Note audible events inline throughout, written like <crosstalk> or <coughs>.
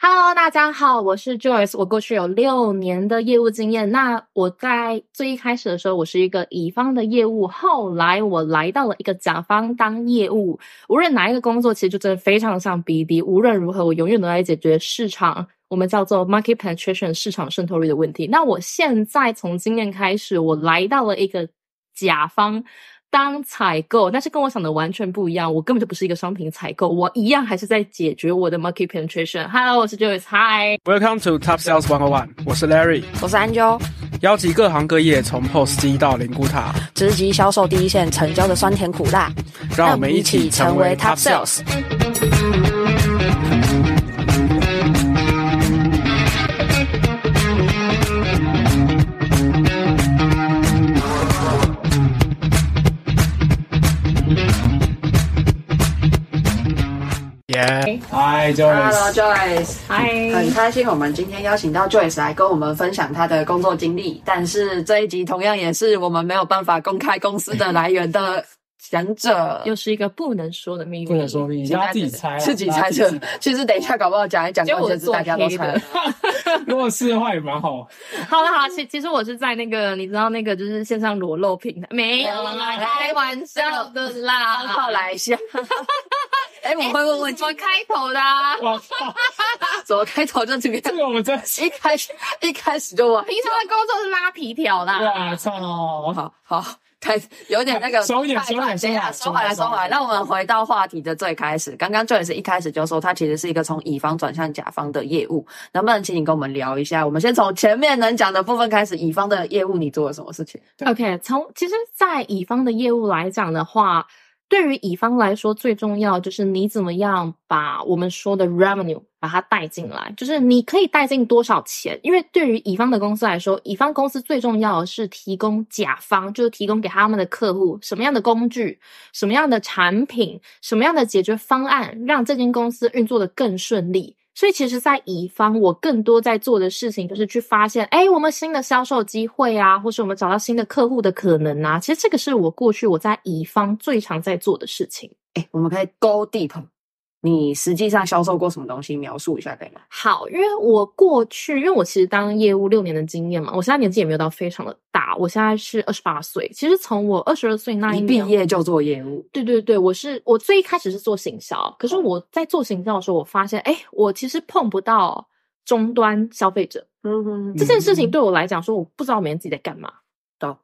Hello，大家好，我是 Joyce。我過去有六年的業務經驗。那我在最一開始的時候，我是一個乙方的業務。後來我來到了一個甲方當業務。無論哪一個工作，其實就真的非常像 BD。無論如何，我永遠都在解決市場，我們叫做 market penetration 市場滲透率的問題。那我現在從今年開始，我來到了一個甲方。當採購，但是跟我想的完全不一樣。我根本就不是一個商品採購，我一樣還是在解決我的 market penetration。Hello，我是 Joyce。Hi，Welcome to Top Sales 101, 我是 Larry，我是 Angel，邀集各行各業，從 POS 機到靈骨塔，直擊銷售第一線，成交的酸甜苦辣，讓我們一起成為 Top Sales。嗨 Joyce Hello，Joyce。Hi。很開心，我們今天邀請到 Joyce 來跟我們分享他的工作經歷。但是這一集同樣也是我們沒有辦法公開公司的來源的。Mm hmm. 講者又是一個不能說的秘密。不能說秘密，大家自己猜，自己猜測。其實等一下，搞不好講來講去，大家都猜。如果是的話，也蠻好。好了，好，其其實我是在那個，你知道那個，就是線上裸露平台，沒有啦，開玩笑的啦。好，來一下。哎，我會問我怎麼開頭的。啊？怎麼開頭就這個？這個我們真是一開始，一開始就我平常的工作是拉皮條的。我好好。開始，有一點那個，啊、收一點、收一點，收回來，收回來，收回來。那我們回到話題的最開始，剛剛 Joyce 也是一開始就說，他其實是一個從乙方轉向甲方的業務，能不能請你跟我們聊一下？我們先從前面能講的部分開始，乙方的業務你做了什麼事情？對。OK，從其實，在乙方的業務來講的話。對於乙方來說，最重要就是你怎麼樣把我們說的 revenue 把它帶進來，就是你可以帶進多少錢。因為對於乙方的公司來說，乙方公司最重要的是提供甲方，就是提供給他們的客戶什麼樣的工具、什麼樣的產品、什麼樣的解決方案，讓這間公司運作得更順利。所以其實，在乙方，我更多在做的事情，就是去發現，哎，我們新的銷售機會啊，或是我們找到新的客戶的可能啊。其實這個是我過去我在乙方最常在做的事情。哎，我們可以 go deep。你實際上銷售過什麼東西？描述一下可以嗎？好，因為我過去，因為我其實當業務六年的經驗嘛，我現在年紀也沒有到非常的大，我現在是二十八歲。其實從我二十二歲那一年畢業就做業務，對對對，我是我最一開始是做行銷，可是我在做行銷的時候，我發現，哎、嗯欸，我其實碰不到終端消費者，嗯嗯這件事情對我來講說，我不知道每天自己在幹嘛。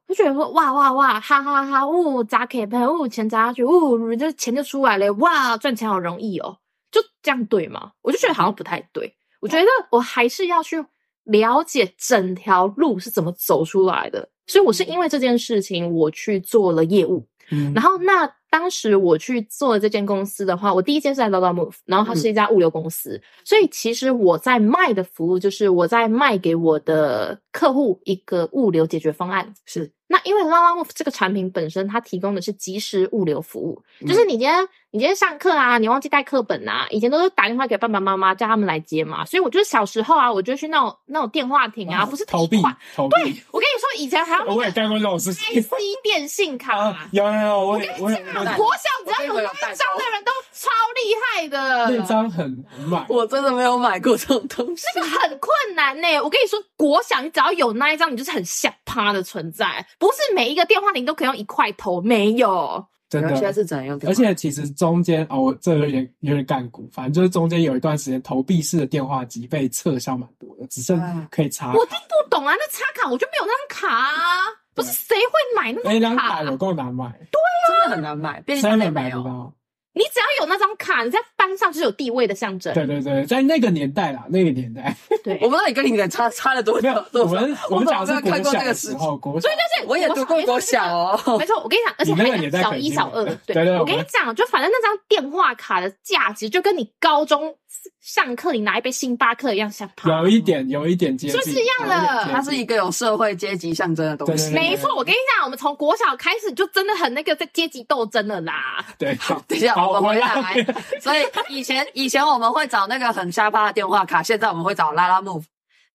就覺得說哇哇哇，哈哈哈，哈，嗚砸 K 盆嗚錢砸下去，嗚這錢就出來了，哇賺錢好容易哦，就這樣對嗎？我就覺得好像不太對，我覺得我還是要去了解整條路是怎麼走出來的，所以我是因為這件事情我去做了業務，嗯，然後那。當時我去做這間公司的話，我第一間是在 Lalamove，然後它是一家物流公司，嗯、所以其實我在賣的服務就是我在賣給我的客戶一個物流解決方案。是。那因為 Lalamove 這個產品本身，它提供的是即時物流服務。嗯、就是你今天你今天上課啊，你忘記帶課本啊，以前都是打電話給爸爸媽媽叫他們來接嘛。所以我就是小時候啊，我就去那種那種電話亭啊，啊不是投幣投幣。投幣對，我跟你說，以前還會我也帶過這種事 IC 電信卡、啊 <laughs> 啊，有有有，我，也我跟你說，國小只要有那一張的人都超厲害的。那一張很難，我真的沒有買過這種東西，個很困難呢、欸。我跟你說，國小你只要有那一張，你就是很嚇趴的存在。不是每一個電話你都可以用一塊投，沒有。真的。現在是怎樣用？而且其實中間哦，我這個、有點有點干股，反正就是中間有一段時間投幣式的電話機被撤銷蠻多的，只剩可以插卡。我聽不懂啊，那插卡我就沒有那張卡啊。不是誰對會買那張卡？哎，那卡有夠難買。對啊，真的很難買，誰會買呢？你只要有那張卡，你在班上就是有地位的象徵。對對對，在那個年代啦，那個年代，對。 <laughs> <laughs> 我不知道你跟你的差差了多少。有多少我們我們小時候看過那個時候， <laughs> 所以就是我也讀過國小哦。沒錯，小小對對對，我跟你講，而且還小一、小二。對對，我跟你講，就反正那張電話卡的價值，就跟你高中上課，你拿一杯星巴克一樣想、啊，像有一點，有一點接近，就是一樣的。它是一個有社會階級象徵的東西。對對對，沒錯，我跟你講，我們從國小開始就真的很那個在階級鬥爭了啦。對，好， <laughs> 等一下好我們回來。回來，所以以前 <laughs> 以前我們會找那個很瞎趴的電話卡，現在我們會找 Lalamove。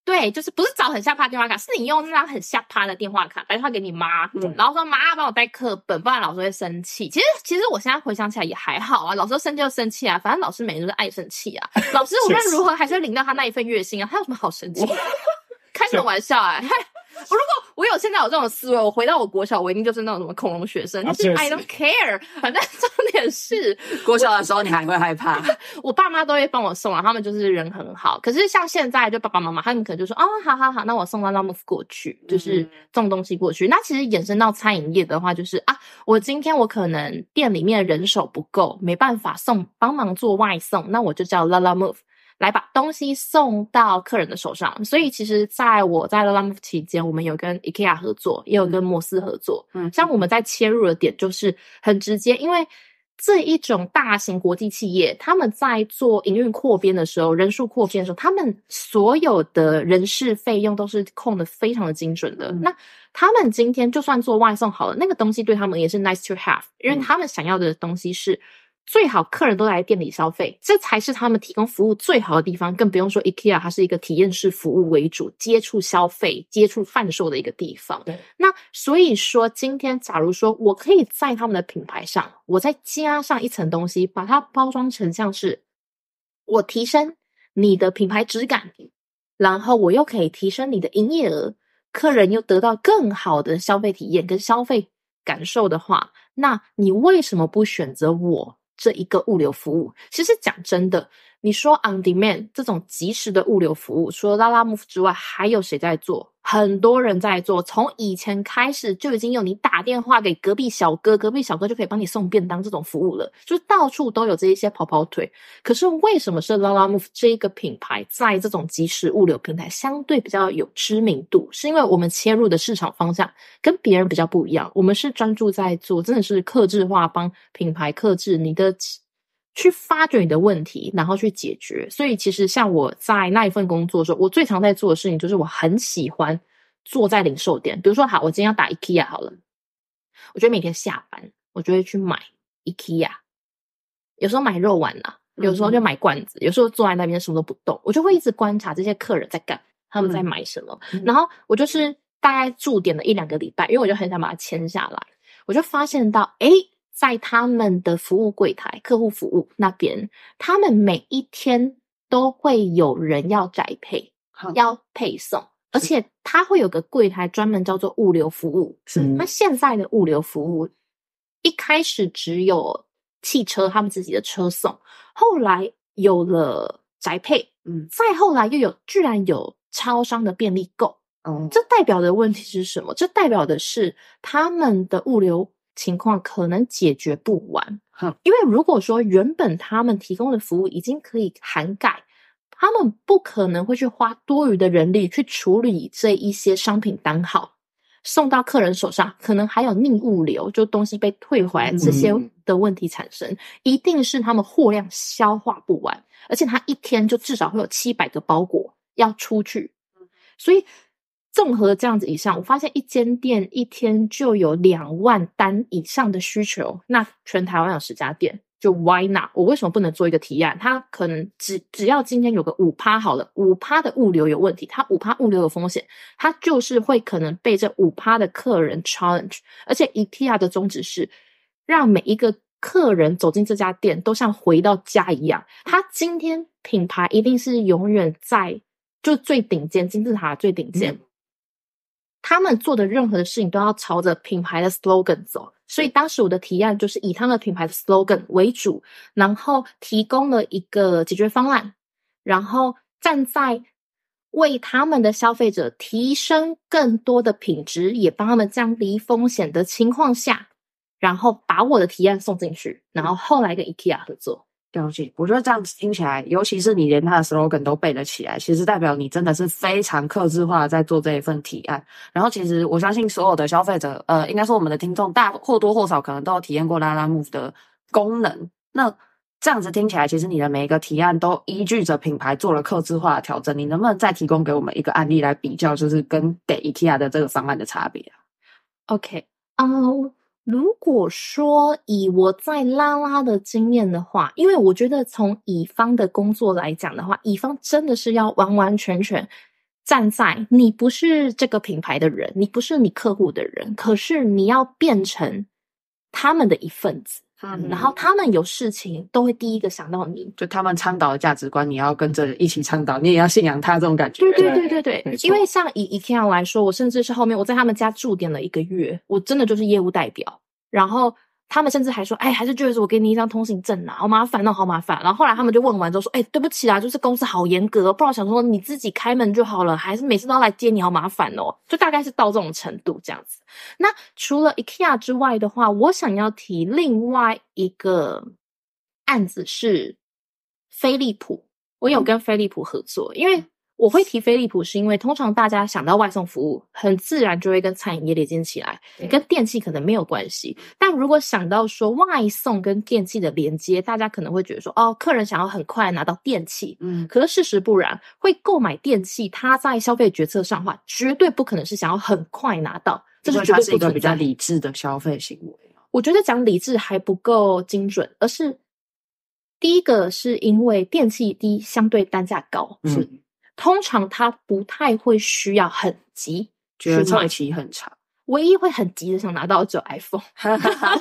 對，就是不是找很下趴的電話卡，是你用那張很下趴的電話卡打電話給你媽，嗯、對然後說媽幫我帶課本，不然老師會生氣。其實其實我現在回想起來也還好啊，老師生氣就生氣啊，反正老師每天都是愛生氣啊， <laughs> 老師無論如何還是會領到他那一份月薪啊，他有什麼好生氣？哇 <laughs> 開什麼玩笑哎、欸。 <laughs> <laughs> 我如果我有現在有這種思維，我回到我國小，我一定就是那種什麼恐龍學生，啊、是是但是 I don't care。反正重點是國小的時候，你還會害怕。我，我爸媽都會幫我送啊，他們就是人很好。可是像現在，就爸爸媽媽他們可能就說，啊、哦，好好好，那我送到 Lalamove 過去，就是送東西過去。嗯、那其實衍生到餐飲業的話，就是啊，我今天我可能店裡面人手不夠，沒辦法送，幫忙做外送，那我就叫 Lalamove。來把東西送到客人的手上，所以其實在我在 Lalamove 期間，我們有跟 IKEA 合作，嗯、也有跟摩斯合作。嗯，像我們在切入的點就是很直接，因為這一種大型國際企業，他們在做營運擴編的時候，人數擴編的時候，他們所有的人事費用都是控得非常的精準的。嗯、那他們今天就算做外送好了，那個東西對他們也是 nice to have，因為他們想要的東西是。最好客人都來店裡消費，這才是他們提供服務最好的地方。更不用說 IKEA，它是一個體驗式服務為主、接觸消費、接觸販售的一個地方。對那所以說，今天假如說我可以在他們的品牌上，我再加上一層東西，把它包裝成像是我提升你的品牌質感，然後我又可以提升你的營業額，客人又得到更好的消費體驗跟消費感受的話，那你為什麼不選擇我？這一個物流服務，其實講真的，你說 on demand 這種及時的物流服務，說拉拉 move 之外，還有誰在做？很多人在做，從以前開始就已經有你打電話給隔壁小哥，隔壁小哥就可以幫你送便當這種服務了，就到處都有這一些跑跑腿。可是為什麼是拉拉 move 這個品牌在這種即時物流平台相對比較有知名度？是因為我們切入的市場方向跟別人比較不一樣，我們是專注在做真的是克制化，幫品牌克制你的。去發掘你的問題，然後去解決。所以其實像我在那一份工作的時候，我最常在做的事情就是我很喜歡坐在零售店，比如說好，我今天要打 IKEA 好了，我覺得每天下班，我就會去買 IKEA，有時候買肉丸了啊，有時候就買罐子，嗯嗯，有時候坐在那邊什麼都不動，我就會一直觀察這些客人在幹，他們在買什麼，嗯嗯，然後我就是大概駐點了一兩個禮拜，因為我就很想把它簽下來，我就發現到哎。欸在他們的服務櫃檯、客戶服務那邊，他們每一天都會有人要宅配、嗯、要配送，而且他會有個櫃檯專門叫做物流服務。是，那現在的物流服務一開始只有汽車他們自己的車送，後來有了宅配，嗯、再後來又有居然有超商的便利購，嗯、這代表的問題是什麼？這代表的是他們的物流，情況可能解決不完，因為如果說原本他們提供的服務已經可以涵蓋，他們不可能會去花多餘的人力去處理這一些商品單號送到客人手上，可能還有逆物流，就東西被退回來這些的問題產生，一定是他們貨量消化不完，而且他一天就至少會有七百個包裹要出去，所以。綜合這樣子以上，我發現一間店一天就有兩萬單以上的需求。那全台灣有十家店，就 Why not？我為什麼不能做一個提案？他可能只只要今天有個五趴好了，五趴的物流有問題，他五趴物流有風險，他就是會可能被這五趴的客人 challenge。而且 IKEA 的宗旨是讓每一個客人走進這家店都像回到家一樣。他今天品牌一定是永遠在就最頂尖金字塔最頂尖。嗯他們做的任何的事情都要朝着品牌的 slogan 走，所以當時我的提案就是以他們的品牌的 slogan 為主，然後提供了一個解決方案，然後站在為他們的消費者提升更多的品質，也幫他們降低風險的情況下，然後把我的提案送進去，然後後來跟 IKEA 合作。了解，我覺得這樣子聽起來，尤其是你連他的 slogan 都背得起來，其實代表你真的是非常客製化在做這一份提案。然後，其實我相信所有的消費者，呃，應該說我們的聽眾，大或多或少可能都有體驗過 Lalamove 的功能。那這樣子聽起來，其實你的每一個提案都依據着品牌做了客製化的調整。你能不能再提供給我們一個案例來比較，就是跟給 IKEA 的這個方案的差別、啊、？OK，哦、um。如果說以我在拉拉的經驗的話，因為我覺得從乙方的工作來講的話，乙方真的是要完完全全站在，你不是這個品牌的人，你不是你客戶的人，可是你要變成他們的一份子。 <noise> 嗯，然後他們有事情都會第一個想到你，就他們倡導的價值觀，你要跟着一起倡導，你也要信仰他這種感覺。對對對對對，因為像以以 IKEA 來說，我甚至是後面我在他們家駐點了一個月，我真的就是業務代表，然後。他們甚至還說，哎、欸，還是就是我給你一張通行證啊，好麻煩哦、喔，好麻煩。然後後來他們就問完之後說，哎、欸，對不起啦，就是公司好嚴格、喔，不好想說你自己開門就好了，還是每次都要來接你好麻煩哦、喔，就大概是到這種程度這樣子。那除了 IKEA 之外的話，我想要提另外一個案子是飛利浦，我有跟飛利浦合作，嗯、因為我會提飛利浦，是因為通常大家想到外送服務，很自然就會跟餐飲業連接起來，對跟電器可能沒有關係。但如果想到說外送跟電器的連接，大家可能會覺得說，哦，客人想要很快拿到電器，嗯，可是事實不然。會購買電器，他在消費決策上的話，絕對不可能是想要很快拿到，這是，是一個比較理智的消費行為，我覺得講理智還不夠精準，而是第一個是因為電器低，相對單價高，是。通常他不太會需要很急，覺得創業期很長，唯一會很急的想拿到就 iPhone，確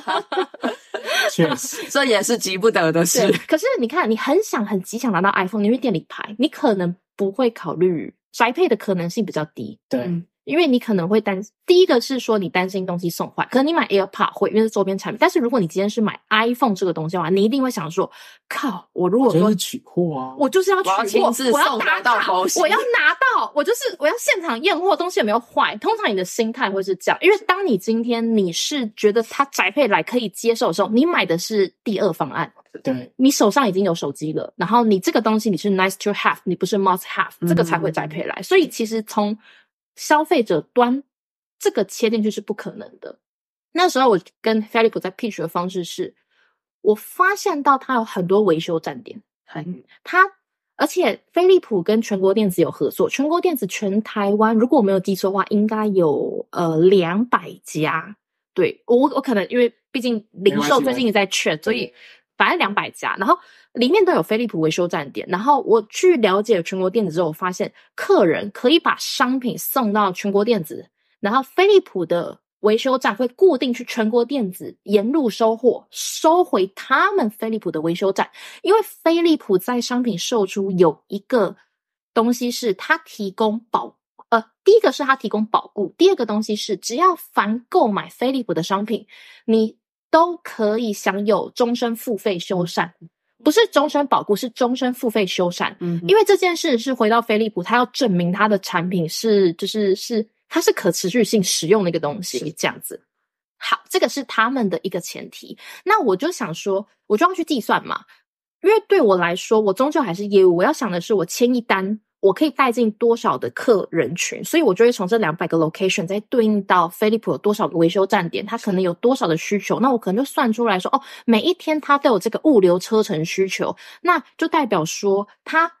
實，這也是急不得的事。可是你看，你很想很急想拿到 iPhone，因為店裡排，你可能不會考慮宅配的可能性比較低，對。對因為你可能會擔，第一個是說你擔心東西送壞，可能你買 AirPod 會，因為是週邊產品。但是如果你今天是買 iPhone 這個東西的話，你一定會想說：靠，我如果說我取貨啊，我就是要取貨，我要拿到，我要拿到，我就是我要現場驗貨，東西有沒有壞？通常你的心態會是這樣，因為當你今天你是覺得它宅配來可以接受的時候，你買的是第二方案。對，對，你手上已經有手機了，然後你這個東西你是 nice to have，你不是 must have，這個才會宅配來。嗯，所以其實從消費者端這個切進去是不可能的。那時候我跟飛利浦在 pitch 的方式是，我發現到他有很多維修站點，他、嗯、而且飛利浦跟全國電子有合作，全國電子全台灣，如果我沒有記錯的話，應該有呃兩百家。對，我我可能因為畢竟零售最近也在缺，所以反正兩百家。然後。裡面都有飛利浦維修站點，然後我去了解全國電子之後，我發現客人可以把商品送到全國電子，然後飛利浦的維修站會固定去全國電子沿路收貨，收回他們飛利浦的維修站，因為飛利浦在商品售出有一個東西是它提供保，呃，第一個是它提供保固，第二個東西是只要凡購買飛利浦的商品，你都可以享有終身付費修繕。不是終身保固，是終身付費修繕。嗯哼，因為這件事是回到飛利浦，他要證明他的產品是，就是是，它是可持續性使用的一個東西，是這樣子。好，這個是他們的一個前提。那我就想說，我就要去計算嘛，因為對我來說，我終究還是業務，我要想的是我簽一單，我可以帶進多少的客人群，所以我就會從這兩百個 location 再對應到飛利浦有多少個維修站點，它可能有多少的需求，那我可能就算出來說，哦，每一天它都有這個物流車程需求，那就代表說它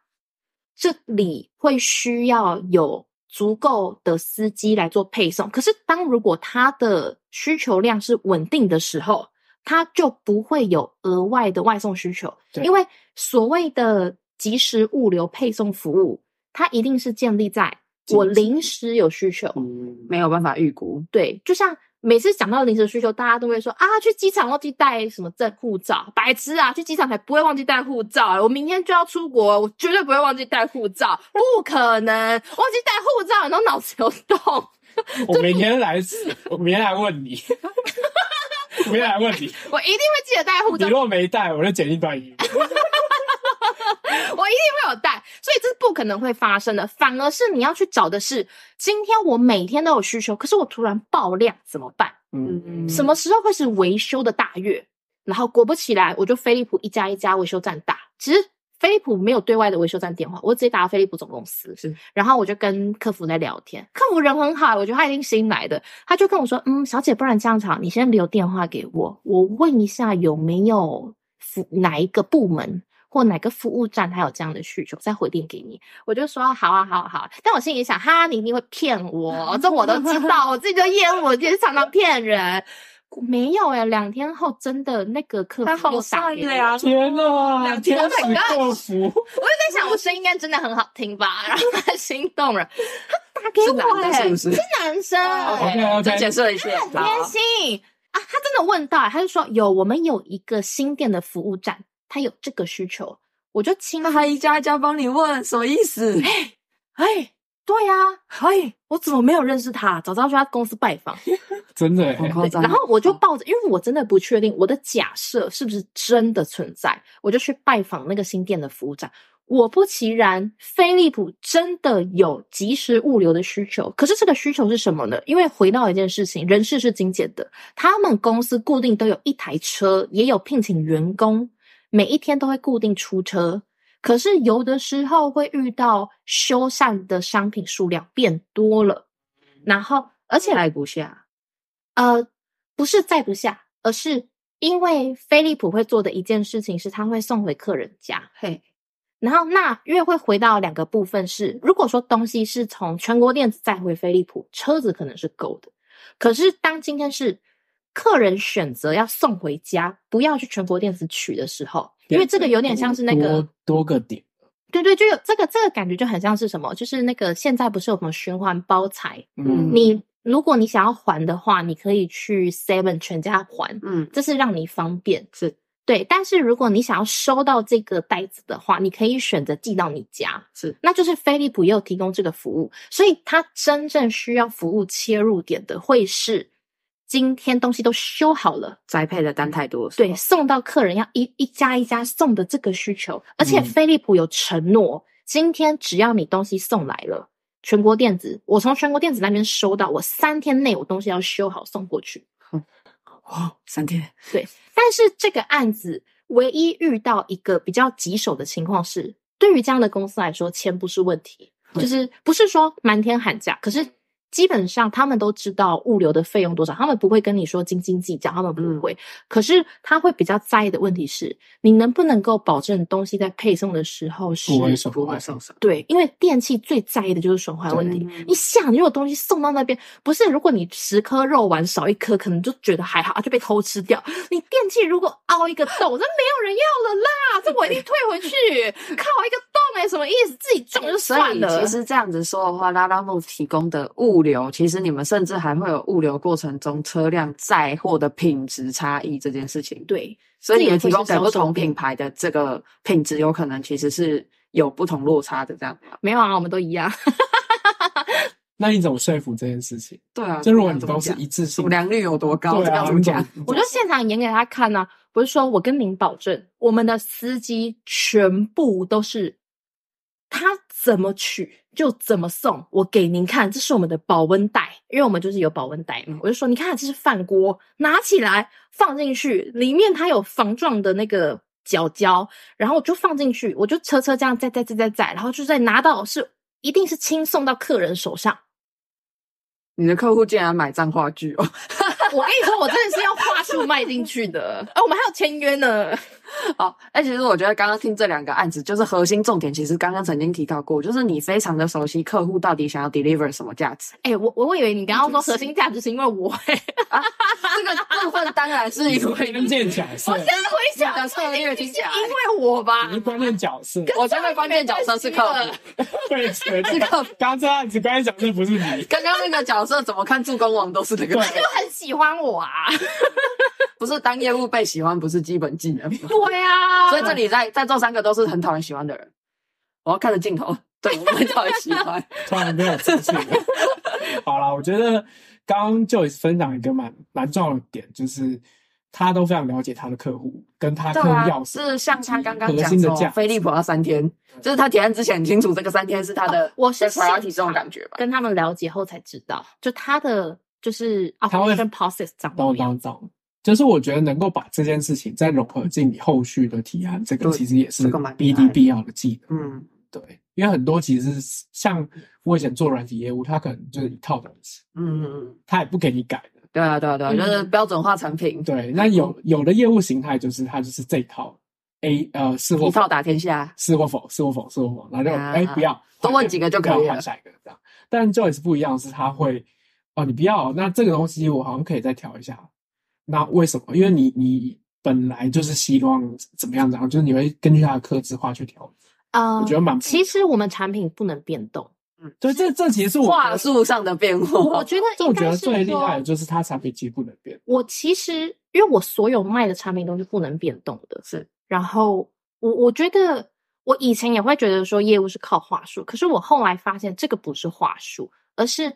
這裡會需要有足夠的司機來做配送。可是，當如果他的需求量是穩定的時候，它就不會有額外的外送需求，對因為所謂的即時物流配送服務。它一定是建立在我臨時有需求，嗯、沒有辦法預估。對，就像每次講到臨時需求，大家都會說啊，去機場忘記帶什麼證、護照，白痴啊！去機場才不會忘記帶護照，我明天就要出國，我絕對不會忘記帶護照，不可能忘記帶護照，你都腦子有洞。我每天來一次， <laughs> <laughs> 我明天來問你，明天來問你， <laughs> 我一定會記得帶護照。你如果沒帶，我就剪一段魚。 <laughs> <laughs> 我一定會有帶，所以這是不可能會發生的。反而是你要去找的是，今天我每天都有需求，可是我突然爆量怎麼辦？嗯，什麼時候會是維修的大月？然後果不其然，我就飛利浦一家一家維修站打。其實飛利浦沒有對外的維修站電話，我直接打到飛利浦總公司。是，然後我就跟客服在聊天，客服人很好，我覺得他一定新來的。他就跟我說，嗯，小姐，不然這樣子，你先留電話給我，我問一下有沒有哪一個部門。或哪個服務站他有這樣的需求，再回電給你，我就說好啊，好啊，好、啊。但我心裡想，哈，你一定會騙我，這我都知道，我自己都厭惡我常常騙人。沒有誒、欸、兩天後真的那個客服又傻了，天啊，兩天很客服。我就在想，我聲音應該真的很好聽吧，然後他心動了，他打給我，是男生、欸，再解釋一下，很天心啊，啊。他真的問到、欸，他就說有，我們有一個新店的服務站。他有這個需求，我就親他，一家一家幫你問，什麼意思？哎哎，對呀、啊，哎嘿，我怎麼沒有認識他、啊？早知道去他公司拜訪， <laughs> 真的、欸，對然後我就抱着，嗯、因為我真的不確定我的假設是不是真的存在，我就去拜訪那個新店的服務站。果不其然，飛利浦真的有即時物流的需求。可是這個需求是什麼呢？因為回到一件事情，人事是精簡的，他們公司固定都有一台車，也有聘請員工。每一天都會固定出車，可是有的時候會遇到修繕的商品數量變多了，然後而且載不下，呃，不是載不下，而是因為飛利浦會做的一件事情是，他會送回客人家。嘿，然後那因為會回到兩個部分是，如果說東西是從全國店載回飛利浦，車子可能是夠的，可是當今天是。客人選擇要送回家，不要去全國電子取的時候，對因為這個有點像是那個多,多個點。對,對對，就有這個這個感覺就很像是什麼，就是那個現在不是有什麼循環包材？嗯，你如果你想要還的話，你可以去 Seven 全家還。嗯，這是讓你方便是。對，但是如果你想要收到這個袋子的話，你可以選擇寄到你家。是，那就是飛利浦也有提供這個服務，所以它真正需要服務切入點的會是。今天東西都修好了，宅配的單太多，對，送到客人要一一家一家送的這個需求，而且飛利浦有承諾，嗯、今天只要你東西送來了，全國電子，我從全國電子那邊收到，我三天內我東西要修好送過去。哇、嗯哦，三天，對。但是這個案子唯一遇到一個比較棘手的情況是，對於這樣的公司來說，錢不是問題，對就是不是說漫天喊價，可是。基本上他們都知道物流的費用多少，他們不會跟你說斤斤計較，他們不會。嗯、可是他會比較在意的問題是，你能不能夠保證東西在配送的時候是不損壞、不破損？對，因為電器最在意的就是損壞問題。對你想，你有東西送到那邊不是，如果你十顆肉丸少一顆，可能就覺得還好啊，就被偷吃掉。你電器如果凹一個洞，那 <laughs> 沒有人要了啦，這我一定退回去， <laughs> 靠一個洞。沒什麼意思，自己裝就算了。其實這樣子說的話，Lalamove 提供的物流，其實你們甚至還會有物流過程中車輛載貨的品質差異這件事情。對，所以你們提供給不同品牌的這個品質，有可能其實是有不同落差的，這樣。沒有啊，我們都一樣。 <laughs> 那你怎麼說服這件事情？對啊，就,這就如果你都是一致性的，不良率有多高？怎麼講？對啊，我就現場演給他看呢、啊。不是說我跟您保證，我們的司機全部都是。他怎麼取就怎麼送，我給您看，這是我們的保溫袋，因為我們就是有保溫袋嘛。我就說，你看這是飯鍋，拿起來放進去，裡面它有防撞的那個膠膠，然後我就放進去，我就車車這樣載載載載載，然後就再拿到是一定是輕送到客人手上。你的客戶竟然買帳話劇哦？ <laughs> 我跟你說，我真的是要話術賣進去的。哎、哦，我們還有簽約呢。好，哎、欸，其實我覺得剛剛聽這兩個案子，就是核心重點，其實剛剛曾經提到過，就是你非常的熟悉客戶到底想要 deliver 什麼價值。哎、欸，我，我以為你剛剛說核心價值是因為我哎、欸。哈哈這、就是啊、這個部分當然是因為關鍵角色。是我是關鍵角色，因為因為因為我吧。關鍵角色。我這個關鍵角色是客戶。對，是客戶。剛剛這個案子關鍵角色不是你。剛剛那個角色怎麼看助攻王都是那個。對，對我很喜歡。喜歡我啊？ <laughs> 不是，當業務被喜歡，不是基本技能。 <laughs> 對呀、啊，所以這裡在在座三個都是很討人喜歡的人。我要看着鏡頭，對，我很討人喜歡。 <laughs> 突然沒有自信。 <laughs> 好了，我覺得剛剛 Joyce 分享一個蠻蠻重要的點，就是他都非常了解他的客戶，跟他要是,的、啊、是像他剛剛講的這樣，飛利浦要三天，就是他提案之前很清楚這個三天是他的，啊、我是身體這種感覺吧？跟他們了解後才知道，就他的。就是他會 down down down 就是我覺得能夠把這件事情再融合進你後續的提案，這個其實也是 BD 必要的技能。嗯，對，因為很多其實是像我以前做軟體業務，他可能就是一套東西，嗯嗯嗯，他也不給你改的。對啊對啊對啊，就是標準化產品。對，那有有的業務形態就是它就是這一套 A 呃，一套打天下，是或否是或否是或否，那就哎不要多問幾個就可以了，換下一個這樣。但這也是不一樣，是他會。哦，你不要那這個東西，我好像可以再調一下。那為什麼？因為你你本來就是希望怎麼樣，然後就是你會根據他的客製化去調。啊、呃，我覺得蠻不錯。其實我們產品不能變動。嗯，對，這這其實是我話術上的變化。我覺得我覺得最厲害的就是它產品其實不能變動。我其實因為我所有賣的產品都是不能變動的，是。然後我我覺得我以前也會覺得說業務是靠話術，可是我後來發現這個不是話術，而是。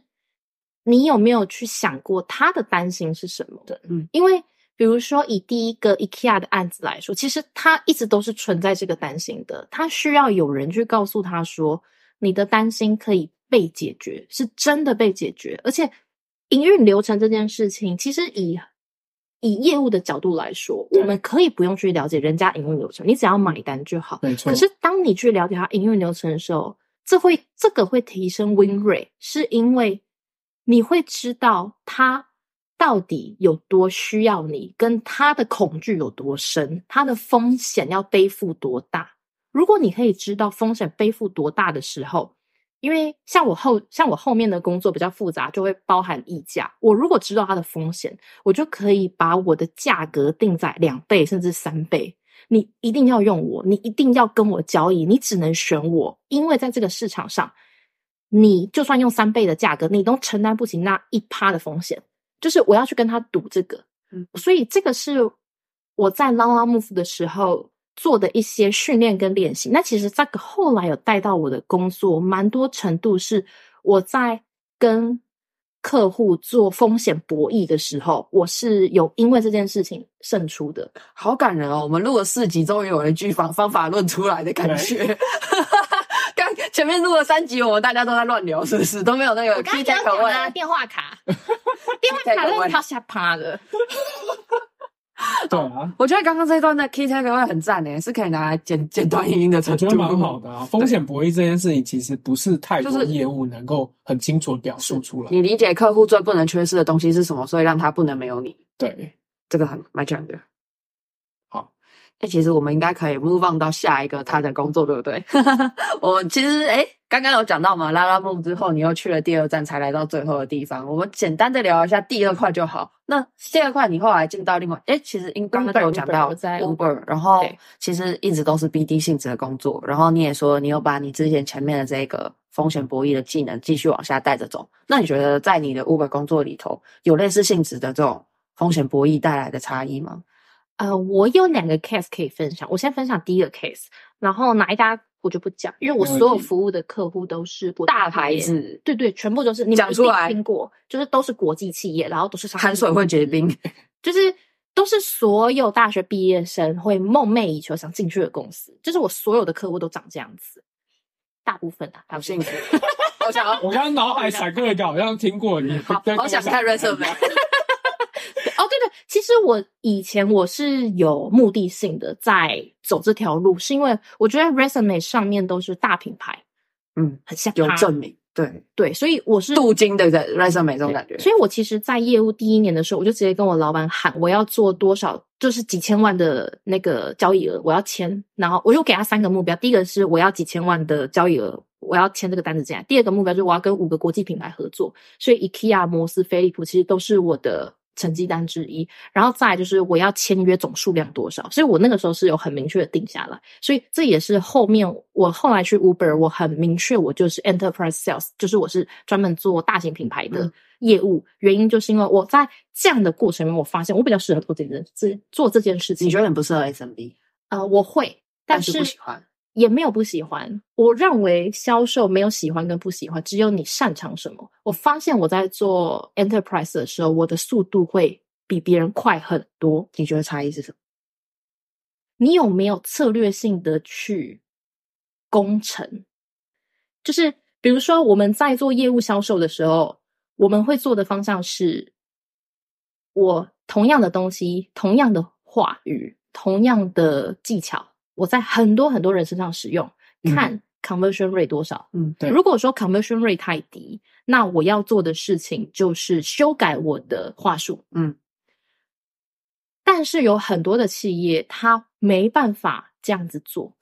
你有沒有去想過他的擔心是什麼的？嗯，因為比如說以第一個 IKEA 的案子來說，其實他一直都是存在這個擔心的。他需要有人去告訴他說，你的擔心可以被解決，是真的被解決。而且，營運流程這件事情，其實以以業務的角度來說，對我們可以不用去了解人家營運流程，你只要買單就好。沒錯，可是，當你去了解他營運流程的時候，這會這個會提升 win rate、嗯、是因為。你會知道他到底有多需要你，跟他的恐懼有多深，他的風險要背負多大。如果你可以知道風險背負多大的時候，因為像我後，像我後面的工作比較複雜，就會包含溢價。我如果知道他的風險，我就可以把我的價格定在兩倍甚至三倍。你一定要用我，你一定要跟我交易，你只能選我，因為在這個市場上。你就算用三倍的價格，你都承擔不起那一趴的風險。就是我要去跟他賭這個，嗯，所以這個是我在 Lalamove 的時候做的一些訓練跟練習。那其實這個後來有帶到我的工作，蠻多程度是我在跟客戶做風險博弈的時候，我是有因為這件事情勝出的。好感人哦！我們錄了四集，終於有一句方方法論出來的感覺。對 <laughs> 前面錄了三集，我們大家都在亂聊，是不是都沒有那個 key take away 電話卡？電話 <laughs> <laughs> 卡下，我都要嚇趴了。對啊，我覺得剛剛這一段的 key take away 很讚誒，是可以拿來剪剪短影音的程。我覺得蠻好的啊，對風險博弈這件事情其實不是太多業務能夠很清楚表述出來。就是、你理解客戶最不能缺失的東西是什麼，所以讓他不能沒有你。對，對，這個很蠻強的。那其實我們應該可以 move on 到下一個他的工作，嗯、對不對？ <laughs> 我其實哎，剛剛有講到嘛，Lalamove 之後，你又去了第二站才來到最後的地方。我們簡單的聊一下第二塊就好。嗯、那第二塊你後來進到另外，哎，其實剛剛有講到 Uber，然後其實一直都是 BD 性質的工作。對然後你也說，你有把你之前前面的這一個風險博弈的技能繼續往下帶着走。那你覺得在你的 Uber 工作裡頭，有類似性質的這種風險博弈帶來的差異嗎？呃，我有兩個 case 可以分享。我先分享第一個 case，然後哪一家我就不講，因為我所有服務的客戶都是大牌子，嗯、對，對對，全部都是你講出來聽過，就是都是國際企業，然後都是寒水會結冰， <laughs> 就是都是所有大學畢業生會夢寐以求想進去的公司，就是我所有的客戶都長這樣子，大部分啊，好、啊、幸福。好像 <laughs> 我， <laughs> 我剛剛腦海閃過一個， <laughs> 好像聽過你，好想看 resume <laughs> 其實我以前我是有目的性的在走這條路，是因為我覺得 resume 上面都是大品牌，嗯，很像有證明，對對，所以我是鍍金的 resume 這種感覺。所以我其實，在業務第一年的時候，我就直接跟我老板喊，我要做多少，就是幾千萬的那個交易額，我要簽。然後我就給他三個目標，第一個是我要幾千萬的交易額，我要簽這個單子進來；第二個目標就是我要跟五個國際品牌合作，所以 IKEA、摩斯、飛利浦其實都是我的。成績單之一，然後再就是我要簽約總數量多少，所以我那個時候是有很明確的定下來，所以這也是後面我後來去 Uber，我很明確我就是 Enterprise Sales，就是我是專門做大型品牌的業務，嗯、原因，就是因為我在這樣的過程中，我發現我比較適合做這件事做這件事情。你覺得你不適合 SMB？呃，我會，但是，但是不喜歡。也沒有不喜歡，我認為銷售沒有喜歡跟不喜歡，只有你擅長什麼。我發現我在做 enterprise 的時候，我的速度會比別人快很多。你覺得差異是什麼？你有沒有策略性的去攻城？就是比如說我們在做業務銷售的時候，我們會做的方向是：我同樣的東西，同樣的話語，同樣的技巧。我在很多很多人身上使用，看 conversion rate 多少。嗯，嗯，對。如果說 conversion rate 太低，那我要做的事情就是修改我的話術。嗯。但是有很多的企業他沒辦法這樣子做。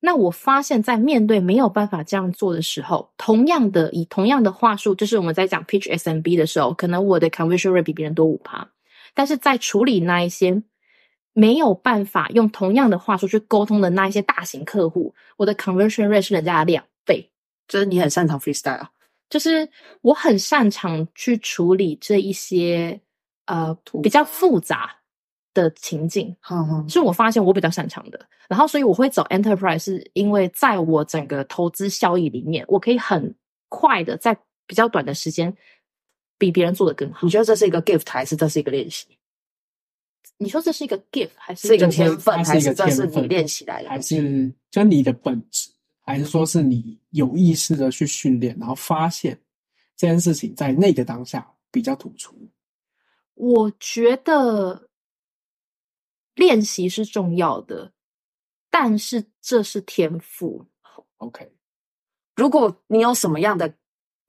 那我發現，在面對沒有辦法這樣做的時候，同樣的以同樣的話術，就是我們在講 pitch SMB 的時候，可能我的 conversion rate 比別人多五趴，但是在處理那一些。沒有辦法用同樣的話術去溝通的那一些大型客戶，我的 conversion rate 是人家的兩倍。就是你很擅長 freestyle 啊。就是我很擅長去處理這一些呃比較複雜的情境。好好，呵呵，是我發現我比較擅長的。然後所以我會走 enterprise，是因為在我整個投資效益裡面，我可以很快的在比較短的時間比別人做得更好。你覺得這是一個 gift 還是這是一個練習？你說這是一個 gift 還是一個天分，就是、是天分還是這是你練起來的？還是跟你的本質，還是說是你有意識的去訓練，然後發現這件事情在那個當下比較突出？我覺得練習是重要的，但是這是天賦。OK，如果你有什麼樣的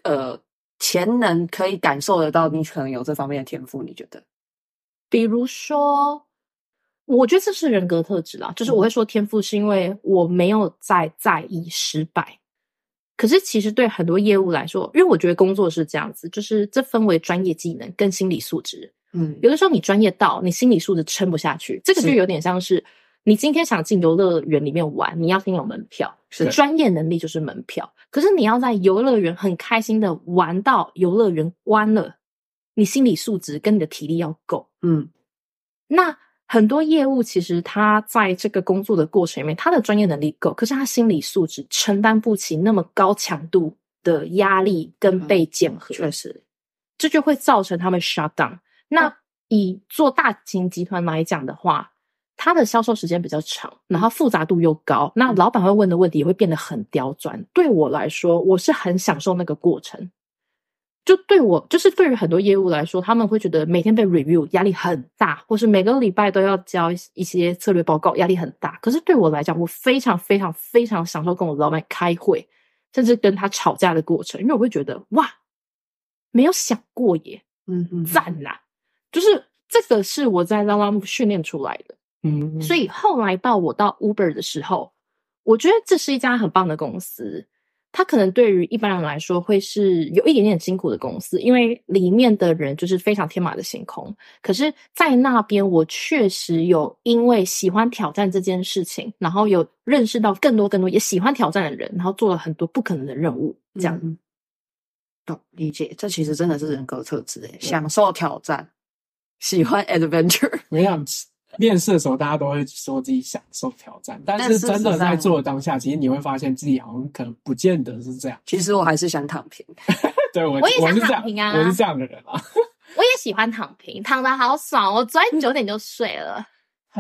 呃潛能，可以感受得到你可能有這方面的天賦，你覺得？比如說，我覺得這是人格特質啦，就是我會說天賦，是因為我沒有在在意失敗。可是其實對很多業務來說，因為我覺得工作是這樣子，就是這分為專業技能跟心理素質。嗯，有的時候你專業到你心理素質撐不下去，這個就有點像是，是你今天想進遊樂園裡面玩，你要先有門票。是，是專業能力就是門票，可是你要在遊樂園很開心的玩到遊樂園關了，你心理素質跟你的體力要夠，嗯，那很多業務其實他在這個工作的過程裡面，他的專業能力夠，可是他心理素質承擔不起那麼高強度的壓力跟被減荷，確實、嗯，嗯嗯、這就會造成他們 shutdown。嗯、那以做大型集團來講的話，他的銷售時間比較長，然後複雜度又高，嗯、那老板會問的問題也會變得很刁鑽。對我來說，我是很享受那個過程。就對我，就是對於很多業務來說，他們會覺得每天被 review 壓力很大，或是每個禮拜都要交一些策略報告，壓力很大。可是對我來講，我非常非常非常享受跟我老闆開會，甚至跟他吵架的過程，因為我會覺得哇，沒有想過耶，嗯嗯哼，讚吶、啊！就是這個是我在 Lalamove 訓練出來的，嗯哼，所以後來到我到 Uber 的時候，我覺得這是一家很棒的公司。它可能對於一般人來說，會是有一點點辛苦的公司，因為裡面的人就是非常天馬的行空。可是，在那邊，我確實有因為喜歡挑戰這件事情，然後有認識到更多更多也喜歡挑戰的人，然後做了很多不可能的任務，這樣。懂、嗯，理解，這其實真的是人格特質誒，享受挑戰，嗯、喜歡 adventure 那樣子。面試的時候，大家都會說自己享受挑戰，但是真的在做的當下，實其實你會發現自己好像可能不見得是這樣。其實我還是想躺平。 <laughs> 對，我也想躺平啊，我這樣，我是這樣的人啊。 <laughs> 我也喜歡躺平，躺得好爽，我昨天九點就睡了，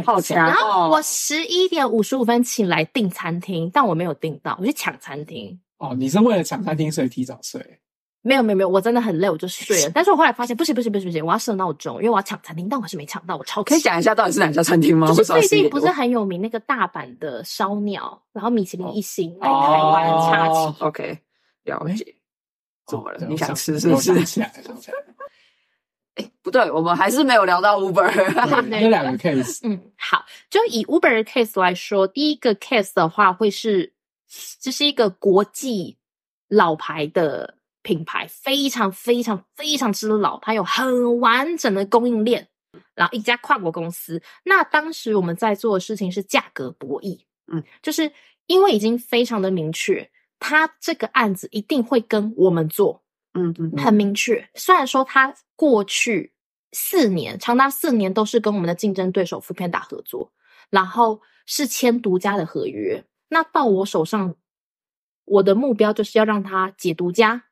好強啊！然後我十一點五十五分起來訂餐廳，但我沒有訂到，我去搶餐廳。哦，你是為了搶餐廳所以提早睡？沒有沒有沒有，我真的很累，我就睡了。但是我後來發現，不行不行不行不行，我要設鬧鐘，因為我要搶餐廳，但我還是沒搶到，我超可惜。可以講一下到底是哪家餐廳嗎？是最近不是很有名那個大阪的燒鳥，然後米其林一星，在、哦、台灣差評、哦。OK，了解。怎麼了？Oh, 你想吃想是不是？我想吃。哎 <laughs> 欸，不對，我們還是沒有聊到 Uber，這對 <laughs> 對兩個 case。嗯，好，就以 Uber 的 case 來說，第一個 case 的話，會是這、就是一個國際老牌的。品牌非常非常非常之老，它有很完整的供應鏈，然後一家跨國公司。那當時我們在做的事情是價格博弈，嗯，就是因為已經非常的明確，它這個案子一定會跟我們做，嗯，嗯嗯，很明確。雖然說它過去四年，長達四年都是跟我們的競爭對手富胖達合作，然後是簽獨家的合約。那到我手上，我的目標就是要讓他解獨家。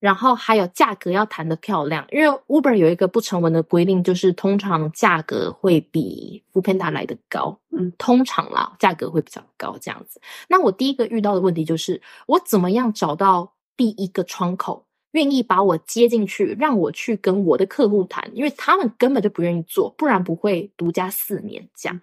然後還有價格要談的漂亮，因為 Uber 有一個不成文的規定，就是通常價格會比 Foodpanda 來得高，嗯，通常啦，價格會比較高這樣子。那我第一個遇到的問題就是，我怎麼樣找到第一個窗口願意把我接進去，讓我去跟我的客戶談，因為他們根本就不願意做，不然不會獨家四年這樣。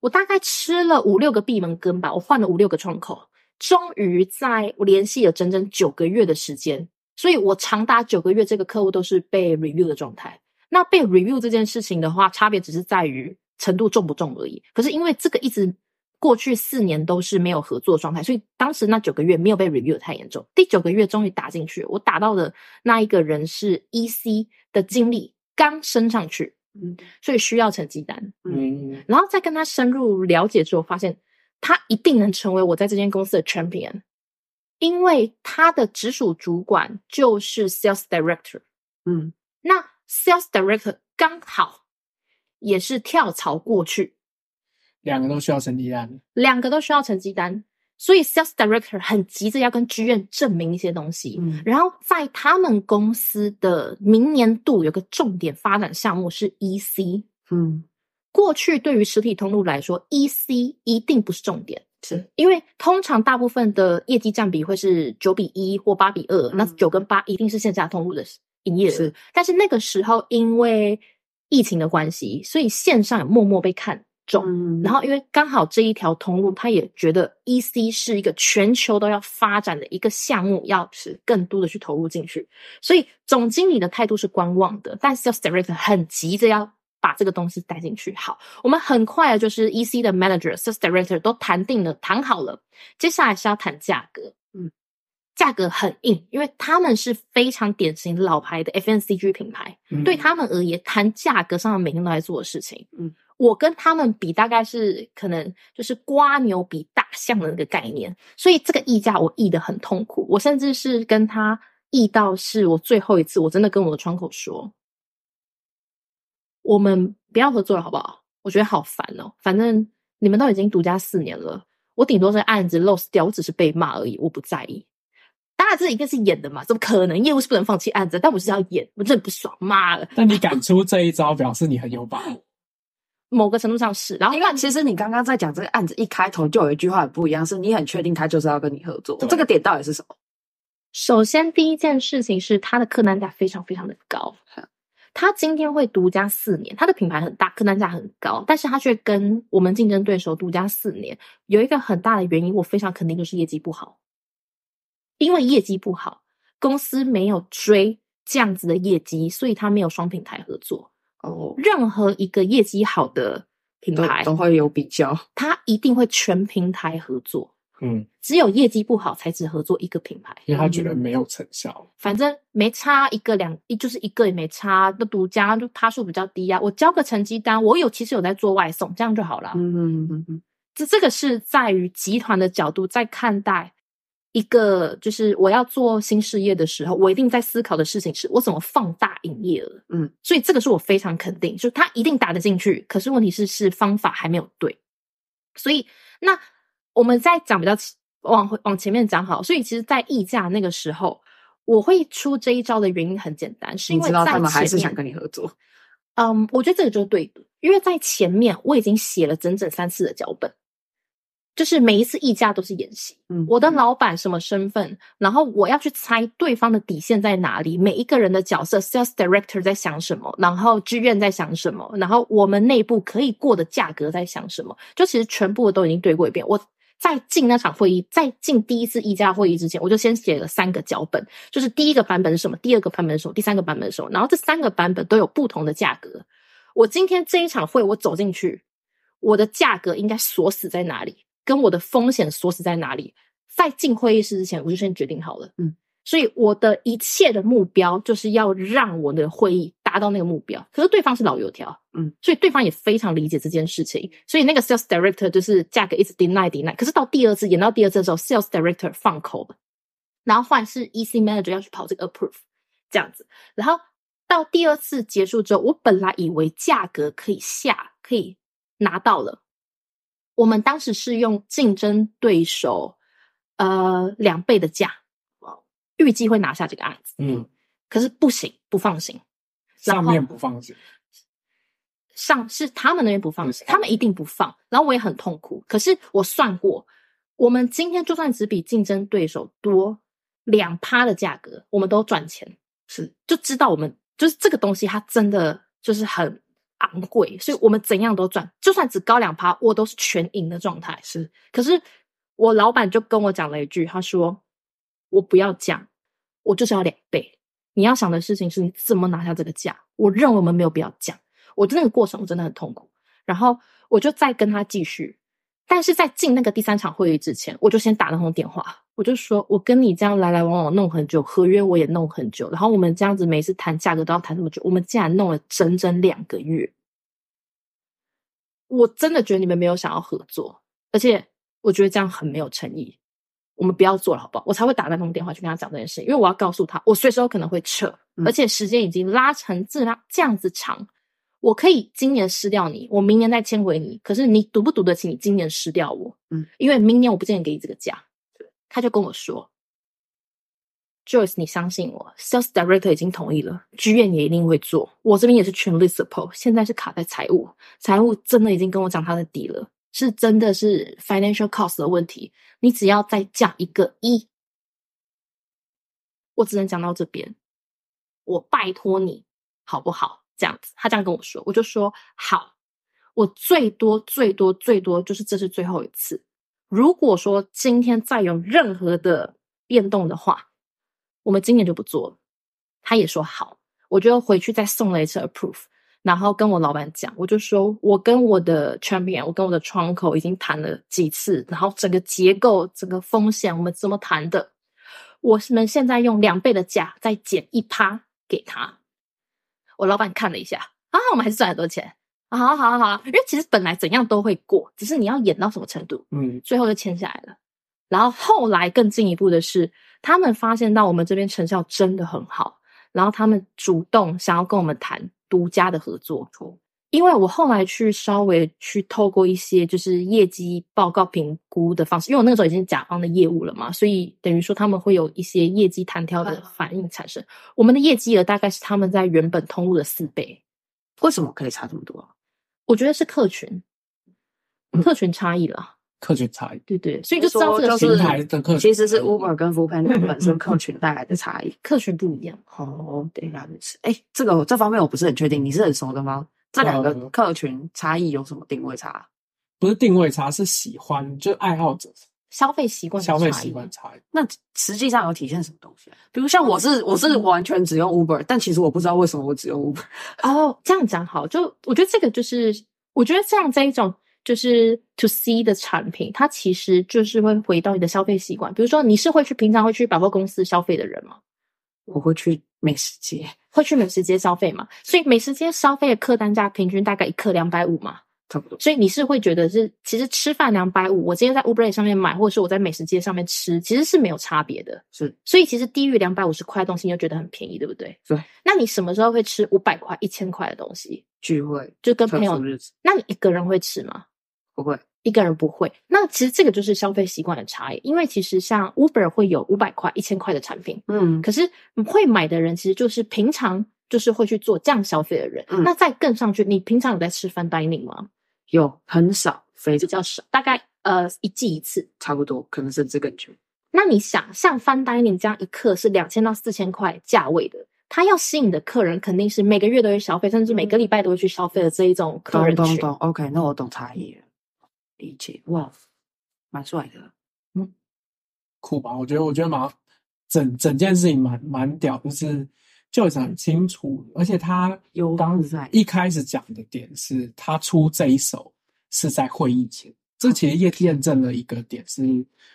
我大概吃了五六個閉門羹吧，我換了五六個窗口。終於在我聯繫了整整九個月的時間，所以我長達九個月這個客戶都是被 review 的狀態。那被 review 這件事情的話，差別只是在於程度重不重而已。可是因為這個一直過去四年都是沒有合作狀態，所以當時那九個月沒有被 review 太嚴重。第九個月終於打進去，我打到的那一個人是 EC 的經理剛升上去，嗯，所以需要成績單，嗯，然後再跟他深入了解之後發現。他一定能成為我在這間公司的 champion，因為他的直屬主管就是 sales director。嗯，那 sales director 剛好也是跳槽過去，兩個都需要成績單。兩個都需要成績單，所以 sales director 很急着要跟劇院證明一些東西。嗯，然後在他們公司的明年度有個重點發展項目是 EC。嗯。過去對於實體通路來說，E C 一定不是重點，是因為通常大部分的業績占比會是九比一或八比二、嗯，那九跟八一定是線下通路的營業是，但是那個時候因為疫情的關係，所以線上有默默被看重，嗯、然後因為剛好這一條通路，他也覺得 E C 是一個全球都要發展的一個項目，要是更多的去投入進去，所以總經理的態度是觀望的，但是,是 Director 很急着要。把這個東西帶進去。好，我們很快的就是 EC 的 manager、c t、mm. o 都談定了，談好了。接下來是要談價格，嗯，價格很硬，因為他們是非常典型老牌的 FNCG 品牌，mm. 對他們而言，談價格上每天都在做的事情。嗯，mm. 我跟他們比，大概是可能就是蝸牛比大象的那個概念，所以這個議價我議得很痛苦，我甚至是跟他議到是我最後一次，我真的跟我的窗口說。我們不要合作了，好不好？我覺得好煩哦、喔。反正你們都已經獨家四年了，我頂多這個案子 loss 掉，我只是被罵而已，我不在意。當然，這一定是演的嘛，怎麼可能業務是不能放棄案子？但我是要演，我真的不爽，罵了。但你敢出這一招，表示你很有把握。 <laughs> 某個程度上是，然後因為其實你剛剛在講這個案子，一開頭就有一句話很不一樣，是你很確定他就是要跟你合作，對就這個點到底是什麼？首先，第一件事情是他的客單價非常非常的高。 <laughs> 他今天會獨家四年，他的品牌很大，客單價很高，但是他卻跟我們競爭對手獨家四年，有一個很大的原因，我非常肯定就是業績不好，因為業績不好，公司沒有追這樣子的業績，所以他沒有雙平台合作哦。任何一個業績好的品牌都，都會有比較，他一定會全平台合作。嗯，只有業績不好才只合作一個品牌，因為他覺得沒有成效，嗯、反正沒差一個兩，就是一個也沒差，那獨家就，就趴數比較低啊。我交個成績單，我有其實有在做外送，這樣就好了。嗯。嗯嗯嗯嗯，嗯嗯這這個是在於集團的角度在看待一個，就是我要做新事業的時候，我一定在思考的事情是我怎麼放大營業額。嗯，所以這個是我非常肯定，就他一定打得進去，可是問題是是方法還沒有對，所以那。我們在講比較往回往前面講好，所以其實，在議價那個時候，我會出這一招的原因很簡單，是因為在前面他們還是想跟你合作。嗯，我覺得這個就是對的，因為在前面我已經寫了整整三次的腳本，就是每一次議價都是演習。嗯嗯，我的老板什麼身份，然後我要去猜對方的底線在哪裡，每一個人的角色，Sales Director 在想什麼，然後劇院在想什麼，然後我們內部可以過的價格在想什麼，就其實全部都已經對過一遍。我。在進那場會議，在進第一次議價會議之前，我就先寫了三個腳本，就是第一個版本是什麼，第二個版本是什麼，第三個版本是什麼。然後這三個版本都有不同的價格。我今天這一場會，我走進去，我的價格應該鎖死在哪裡，跟我的風險鎖死在哪裡？在進會議室之前，我就先決定好了。嗯，所以我的一切的目標就是要讓我的會議達到那個目標，可是對方是老油條，嗯，所以對方也非常理解這件事情，所以那個 sales director 就是價格一直 deny deny，可是到第二次，演到第二次的時候，sales director 放口了，然後換是 EC manager 要去跑這個 approve，這樣子，然後到第二次結束之後，我本來以為價格可以下，可以拿到了，我們當時是用競爭對手呃兩倍的價，預計會拿下這個案子，嗯，嗯，可是不行，不放行。上面不放心，上是他們那邊不放心，對他們一定不放。然後我也很痛苦。可是我算過，我們今天就算只比競爭對手多兩趴的價格，我們都賺錢。是，就知道我們就是這個東西，它真的就是很昂貴，是所以我們怎樣都賺。就算只高兩趴，我都是全贏的狀態。是，可是我老板就跟我講了一句，他說：“我不要這樣，我就是要兩倍。”你要想的事情是你怎麼拿下這個價？我認為我們沒有必要講。我真的那個過程我真的很痛苦，然後我就再跟他繼續。但是在進那個第三場會議之前，我就先打那通電話，我就說：我跟你這樣來來往往弄很久，合約我也弄很久，然後我們這樣子每次談價格都要談這麼久，我們竟然弄了整整兩個月。我真的覺得你們沒有想要合作，而且我覺得這樣很沒有誠意。我們不要做了，好不好？我才會打給他們電話去跟他講這件事，因為我要告訴他，我隨時都可能會撤，嗯、而且時間已經拉成這樣，這樣子長。我可以今年失掉你，我明年再簽回你，可是你賭不賭得起？你今年失掉我，嗯，因為明年我不見得給你這個價。他就跟我說、嗯、：“Joyce，你相信我，Sales Director 已經同意了，劇院也一定會做，我這邊也是全力 support，現在是卡在財務，財務真的已經跟我講他的底了。”是真的是 financial cost 的問題，你只要再降一個一，我只能講到這邊，我拜托你，好不好？這樣子，他這樣跟我說，我就說好，我最多最多最多就是這是最後一次，如果說今天再有任何的變動的話，我們今年就不做了。他也說好，我就回去再送了一次 approve。然後跟我老板講，我就說，我跟我的 champion，我跟我的窗口已經談了幾次，然後整個結構、整個風險，我們怎麼談的？我們現在用兩倍的價再減一趴給他。我老板看了一下，啊，我們還是賺很多錢，啊，好，好,好，好，因為其實本來怎樣都會過，只是你要演到什麼程度，嗯，最後就簽下來了。嗯、然後後來更進一步的是，他們發現到我們這邊成效真的很好，然後他們主動想要跟我們談。獨家的合作，因為我後來去稍微去透過一些就是業績報告評估的方式，因為我那個時候已經是甲方的業務了嘛，所以等於說他們會有一些業績彈跳的反應產生，啊、我們的業績額大概是他們在原本通路的四倍，為什麼可以差這麼多？啊？我覺得是客群，客群差異了。嗯客群差異，對對，所以就說平台的客群其實是 Uber 跟 Uber 那本身客群帶來的差異，客群不一樣。好，等一下就是，哎，這個這方面我不是很確定，你是很熟的嗎？這兩個客群差異有什麼定位差？不是定位差，是喜歡就是愛好者消費習慣，消費習慣差異。那實際上有體現什麼東西？比如像我是我是完全只用 Uber，但其實我不知道為什麼我只用 Uber。哦，這樣講好，就我覺得這個就是，我覺得這樣這一種。就是 To C 的產品，它其實就是會回到你的消費習慣。比如說，你是會去平常會去百貨公司消費的人嗎？我會去美食街，會去美食街消費嘛？所以美食街消費的客單價平均大概一客兩百五嘛，差不多。所以你是會覺得是其實吃飯兩百五，我今天在 Uber 上面買，或者是我在美食街上面吃，其實是沒有差別的。是，所以其實低於兩百五十塊的東西你就覺得很便宜，對不對？對是。那你什麼時候會吃五百塊、一千塊的東西？聚會，就跟朋友。那你一個人會吃嗎？不會，一個人不會。那其實這個就是消費習慣的差異，因為其實像 Uber 會有五百塊、一千塊的產品，嗯，可是會買的人其實就是平常就是會去做這樣消費的人。嗯、那再更上去，你平常有在吃 fine dining 嗎？有，很少，非常比較少，大概呃一季一次，差不多，可能是這個群。那你想，像 fine dining 這樣一客是兩千到四千塊價位的，它要吸引的客人肯定是每個月都會消費，嗯、甚至每個禮拜都會去消費的這一種客人群。懂懂懂，OK，那我懂差異。理解，哇，蠻帥的、啊，嗯，酷吧？我覺得，我覺得蠻整整件事情蠻蠻屌，就是就很清楚，而且他有當時在一開始講的點是，他出這一手是在會議前，這其實也驗證了一個點，是，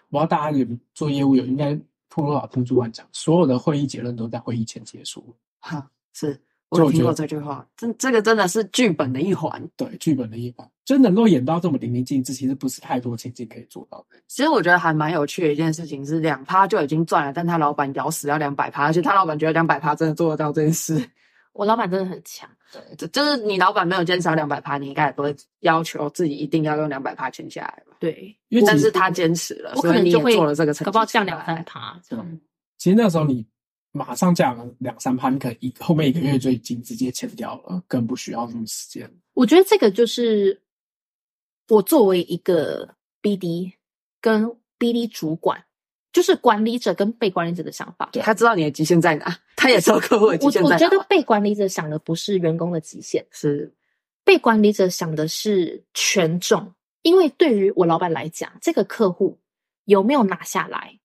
我不知道大家有，有做業務有，應該或多或少聽主管講，所有的會議結論都在會議前結束，哈、嗯，是。我聽過這句話，這這個真的是劇本的一環，嗯、對，劇本的一環，就能夠演到這麼淋漓盡致，其實不是太多情景可以做到的。其實我覺得還蠻有趣的一件事情是2，兩趴就已經賺了，但他老板咬死要兩百趴，而且他老板覺得兩百趴真的做得到這件事。我老板真的很強，對就，就是你老板沒有堅持到兩百趴，你應該也不會要求自己一定要用兩百趴簽下來吧？對，其但是他堅持了，我可能就會，所以你做了這個，可不可以降兩三趴？這種，嗯、其實那時候你。馬上降了兩三趴，你可以，後面一個月就已經直接簽掉了，更不需要什麼時間。我覺得這個就是我作為一個 BD 跟 BD 主管，就是管理者跟被管理者的想法。對，他知道你的極限在哪，他也知道客戶的極限在哪。我，我覺得被管理者想的不是員工的極限，是被管理者想的是權重。因為對於我老板來講，這個客戶有沒有拿下來，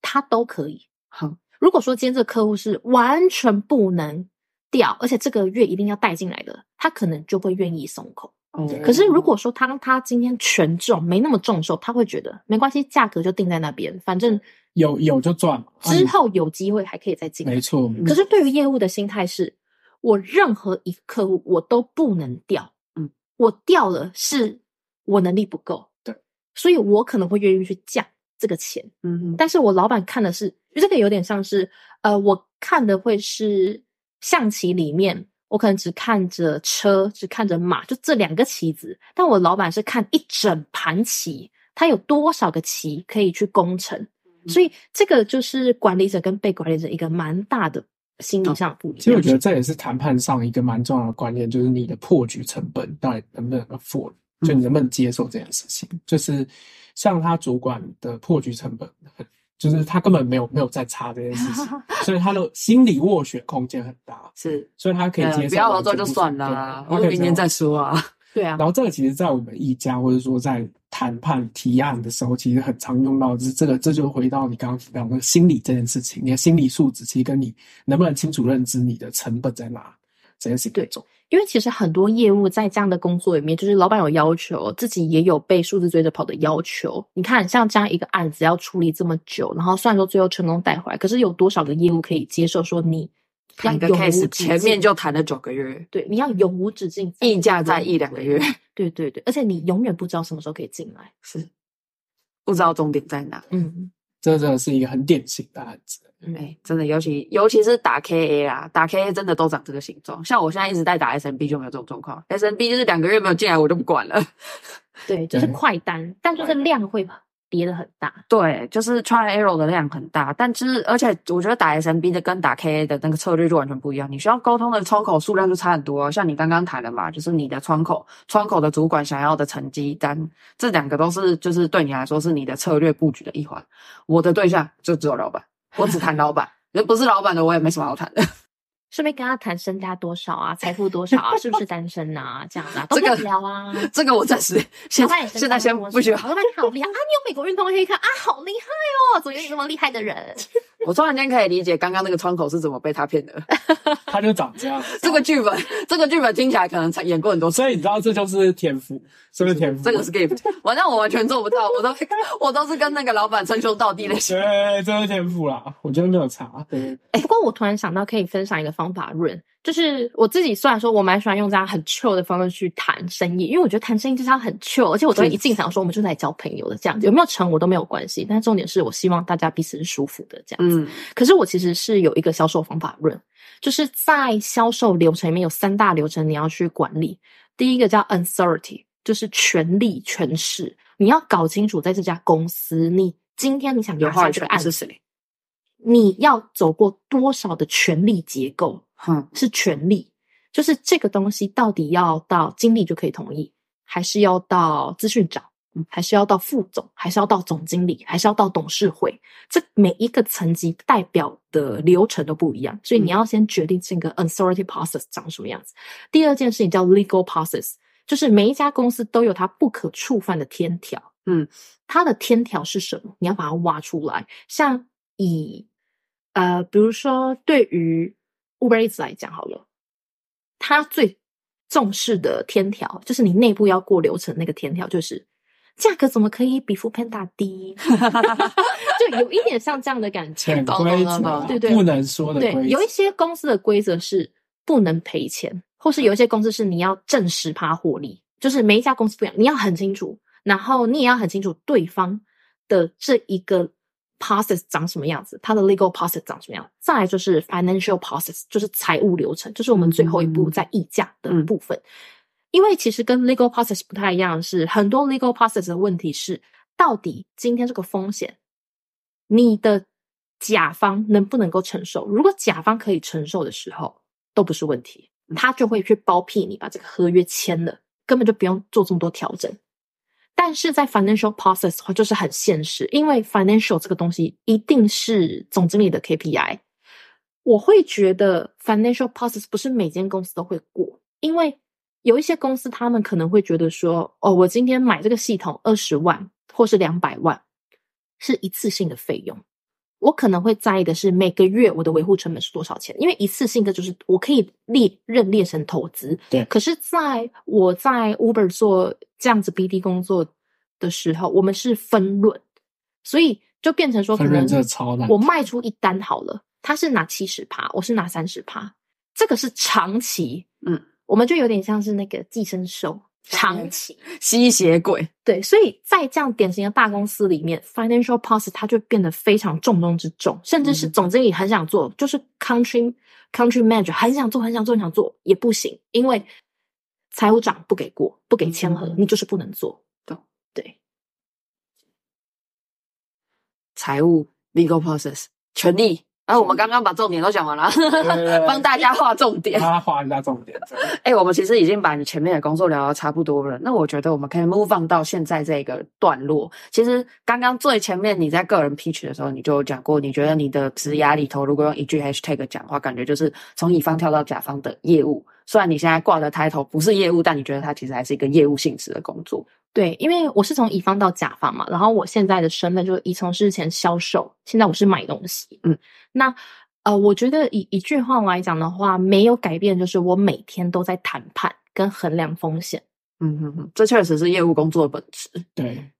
他都可以。好。嗯如果說今天這個客戶是完全不能掉，而且這個月一定要帶進來的，他可能就會願意鬆口。哦。Oh, 可是如果說他、嗯、他今天權重沒那麼重的時候，他會覺得沒關係，價格就定在那邊，反正有有就賺，之後有機會還可以再進來。沒錯。嗯、可是對於業務的心態是，我任何一個客戶我都不能掉，嗯，我掉了是我能力不夠，對，所以我可能會願意去降這個錢，嗯嗯哼，但是我老闆看的是。這個有點像是，呃，我看的會是象棋裡面，我可能只看着車，只看着馬，就這兩個棋子。但我老板是看一整盤棋，他有多少個棋可以去攻城。嗯、所以這個就是管理者跟被管理者一個蠻大的心理上不一樣。其實我覺得這也是談判上一個蠻重要的觀念，就是你的破局成本到底能不能 afford，、嗯、就你能不能接受這件事情。就是像他主管的破局成本。就是他根本沒有沒有在查這件事情， <laughs> 所以他的心理斡旋空間很大，是， <laughs> 所以他可以接受、嗯。不要合作就算了啦，我明對年再說啊。 <laughs> 對啊，然後這個其實在我們一家或者說在談判提案的時候，其實很常用到，就是這個，這就回到你剛剛講的心理這件事情。你的心理素質其實跟你能不能清楚認知你的成本在哪。真的是對中，因為其實很多業務在這樣的工作裡面，就是老闆有要求，自己也有被數字追着跑的要求。你看，像這樣一個案子要處理這麼久，然後雖然說最後成功帶回來，可是有多少個業務可以接受說，你談個 case，前面就談了九個月。對，你要永無止境，議價在一兩個月。 <laughs> 對對對，而且你永遠不知道什麼時候可以進來，是不知道終點在哪。嗯。這真的是一個很典型的案子，哎、嗯欸，真的，尤其尤其是打 K A 啊，打 K A 真的都長這個形狀。像我現在一直在打 S M B，就沒有這種狀況。S M B 就是兩個月沒有進來，我就不管了。對，就是快單，對但就是量會。跌的很大，對，就是 trial error 的量很大，但，就是而且我覺得打 SMB 的跟打 KA 的那個策略就完全不一樣，你需要溝通的窗口數量就差很多哦。像你剛剛談的嘛，就是你的窗口、窗口的主管想要的成績單，這兩個都是就是對你來說是你的策略布局的一環。我的對象就只有老板，我只談老板，那 <laughs> 不是老板的我也沒什麼好談的。順便跟他談身家多少啊，財富多少啊，是不是單身啊， <laughs> 這樣的、啊、都聊啊、這個。這個我暫時現在現在先不需要。要好厲害啊！你有美國運動可以看啊，好厲害哦！怎麼有那麼厲害的人？ <laughs> 我突然間可以理解剛剛那個窗口是怎麼被他騙的，他就長這樣。 <laughs> 這個劇本， <laughs> 這個劇本聽起來可能演過很多，所以你知道這就是天賦， <laughs> 是不是天賦？這個是 gift，反正我完全做不到，我都我都是跟那個老板稱兄道弟那些。對，對，對，這是天賦啦，我覺得沒有差。哎、欸，不過我突然想到可以分享一個方法論。就是我自己，雖然說我蠻喜歡用這樣很 chill 的方式去談生意，因為我覺得談生意就是要很 chill。而且我都一進場說，我們就在交朋友的這樣子，的有沒有成我都沒有關係。但重點是，我希望大家彼此是舒服的這樣子。嗯、可是我其實是有一個銷售方法論，就是在銷售流程裡面有三大流程，你要去管理。第一個叫 authority，就是權力權勢，你要搞清楚在這家公司，你今天你想聊這個案子，是你要走過多少的權力結構。嗯，是權力，就是這個東西到底要到經理就可以同意，還是要到資訊長，還是要到副總，還是要到總經理，還是要到董事會？這每一個層級代表的流程都不一樣，所以你要先決定這個 authority process 長什麼樣子。嗯，第二件事情叫 legal process，就是每一家公司都有它不可觸犯的天條，嗯，它的天條是什麼？你要把它挖出來。像以呃，比如說對於我們、Uber Eats 來講好了，他最重視的天條就是你內部要過流程那個天條，就是價格怎麼可以比 foodpanda 低？ <laughs> <laughs> 就有一點像這樣的感覺，潛規則對，對對，不能說的。對，有一些公司的規則是不能賠錢，或是有一些公司是你要掙十趴獲利，就是每一家公司不一樣，你要很清楚，然後你也要很清楚對方的這一個。process 長什麼樣子？它的 legal process 長什麼樣？再來就是 financial process，就是財務流程，就是我們最後一步在議價的部分。嗯、因為其實跟 legal process 不太一樣，是很多 legal process 的問題是，到底今天這個風險，你的甲方能不能夠承受？如果甲方可以承受的時候，都不是問題，他就會去包庇你，把這個合約簽了，根本就不用做這麼多調整。但是在 financial process 的話就是很現實，因為 financial 這個東西一定是總經理的 KPI。我會覺得 financial process 不是每間公司都會過，因為有一些公司他們可能會覺得說，哦，我今天買這個系統二十萬或是兩百萬是一次性的費用。我可能會在意的是每個月我的維護成本是多少錢，因為一次性的就是我可以列、認列成投資。對。可是在我在 Uber 做這樣子 BD 工作的時候，我們是分潤，所以就變成說可能我賣出一單好了，他是拿七十趴，我是拿三十趴，這個是長期，嗯，我們就有點像是那個寄生獸。長期 <laughs> 吸血鬼，對，所以在這樣典型的大公司裡面，financial process 它就變得非常重中之重，甚至是總經理很想做，嗯、就是 country country manager 很想做，很想做，很想做，很想做也不行，因為財務長不給過，不給簽合同，嗯、你就是不能做。嗯、對，財務 legal process 權利。嗯然後、啊、我們剛剛把重點都講完了，幫是 <laughs> 大家畫重點，幫他畫一下重點。哎、欸，我們其實已經把你前面的工作聊到差不多了。那我覺得我們可以 move on 到現在這個段落。其實剛剛最前面你在個人 pitch 的時候，你就有講過，你覺得你的職涯裡頭、嗯、如果用一句 hashtag 的話，感覺就是從乙方跳到甲方的業務。雖然你現在掛的 title 不是業務，但你覺得它其實還是一個業務性質的工作。對，因為我是從乙方到甲方嘛，然後我現在的身份就是已從事前銷售，現在我是買東西。嗯，那呃，我覺得以一句話來講的話，沒有改變，就是我每天都在談判跟衡量風險。嗯嗯嗯，這確實是業務工作的本質。對，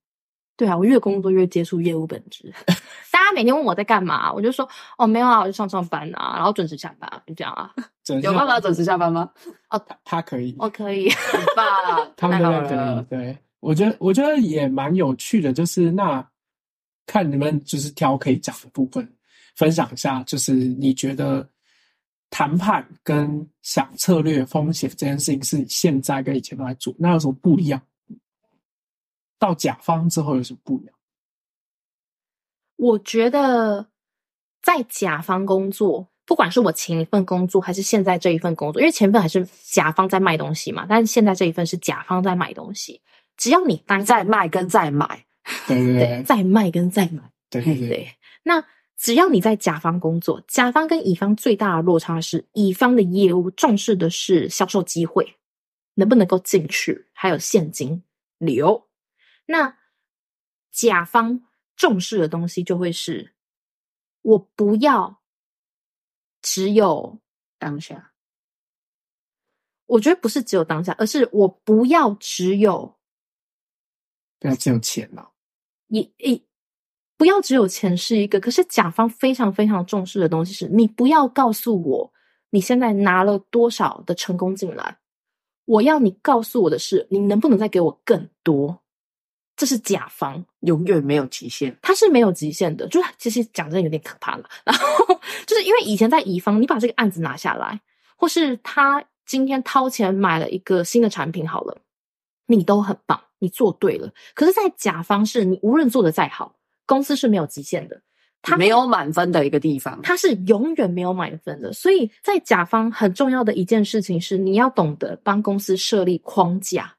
對啊，我越工作越接觸業務本質。 <laughs> 大家每天問我在幹嘛，我就說哦，沒有啊，我就上上班啊，然後準時下班，就這樣啊。有辦法準時下班嗎？哦，他他可以，我可以，很棒，太好了，對。我覺得，我覺得也蠻有趣的，就是那看你們就是挑可以講的部分分享一下。就是你覺得談判跟想策略、風險這件事情是你現在跟以前都在做，那有什麼不一樣？到甲方之後有什麼不一樣？我覺得在甲方工作，不管是我前一份工作還是現在這一份工作，因為前一份還是甲方在賣東西嘛，但是現在這一份是甲方在買東西。只要你當在賣跟在買，對對對，對，在賣跟在買，對對對。那只要你在甲方工作，甲方跟乙方最大的落差是，乙方的業務重視的是銷售機會，能不能夠進去，還有現金流。那甲方重視的東西就會是，我不要只有當下。我覺得不是只有當下，而是我不要只有。要只有錢嘛，你你不要只有錢是一個。可是甲方非常非常重視的東西是，你不要告訴我你現在拿了多少的成功進來，我要你告訴我的是你能不能再給我更多。這是甲方永遠沒有極限，他是沒有極限的，就是其實講真的有點可怕了。然後就是因為以前在乙方，你把這個案子拿下來，或是他今天掏錢買了一個新的產品，好了，你都很棒。你做對了，可是，在甲方是，你無論做得再好，公司是沒有極限的，他沒有滿分的一個地方，他是永遠沒有滿分的。所以在甲方很重要的一件事情是，你要懂得幫公司設立框架，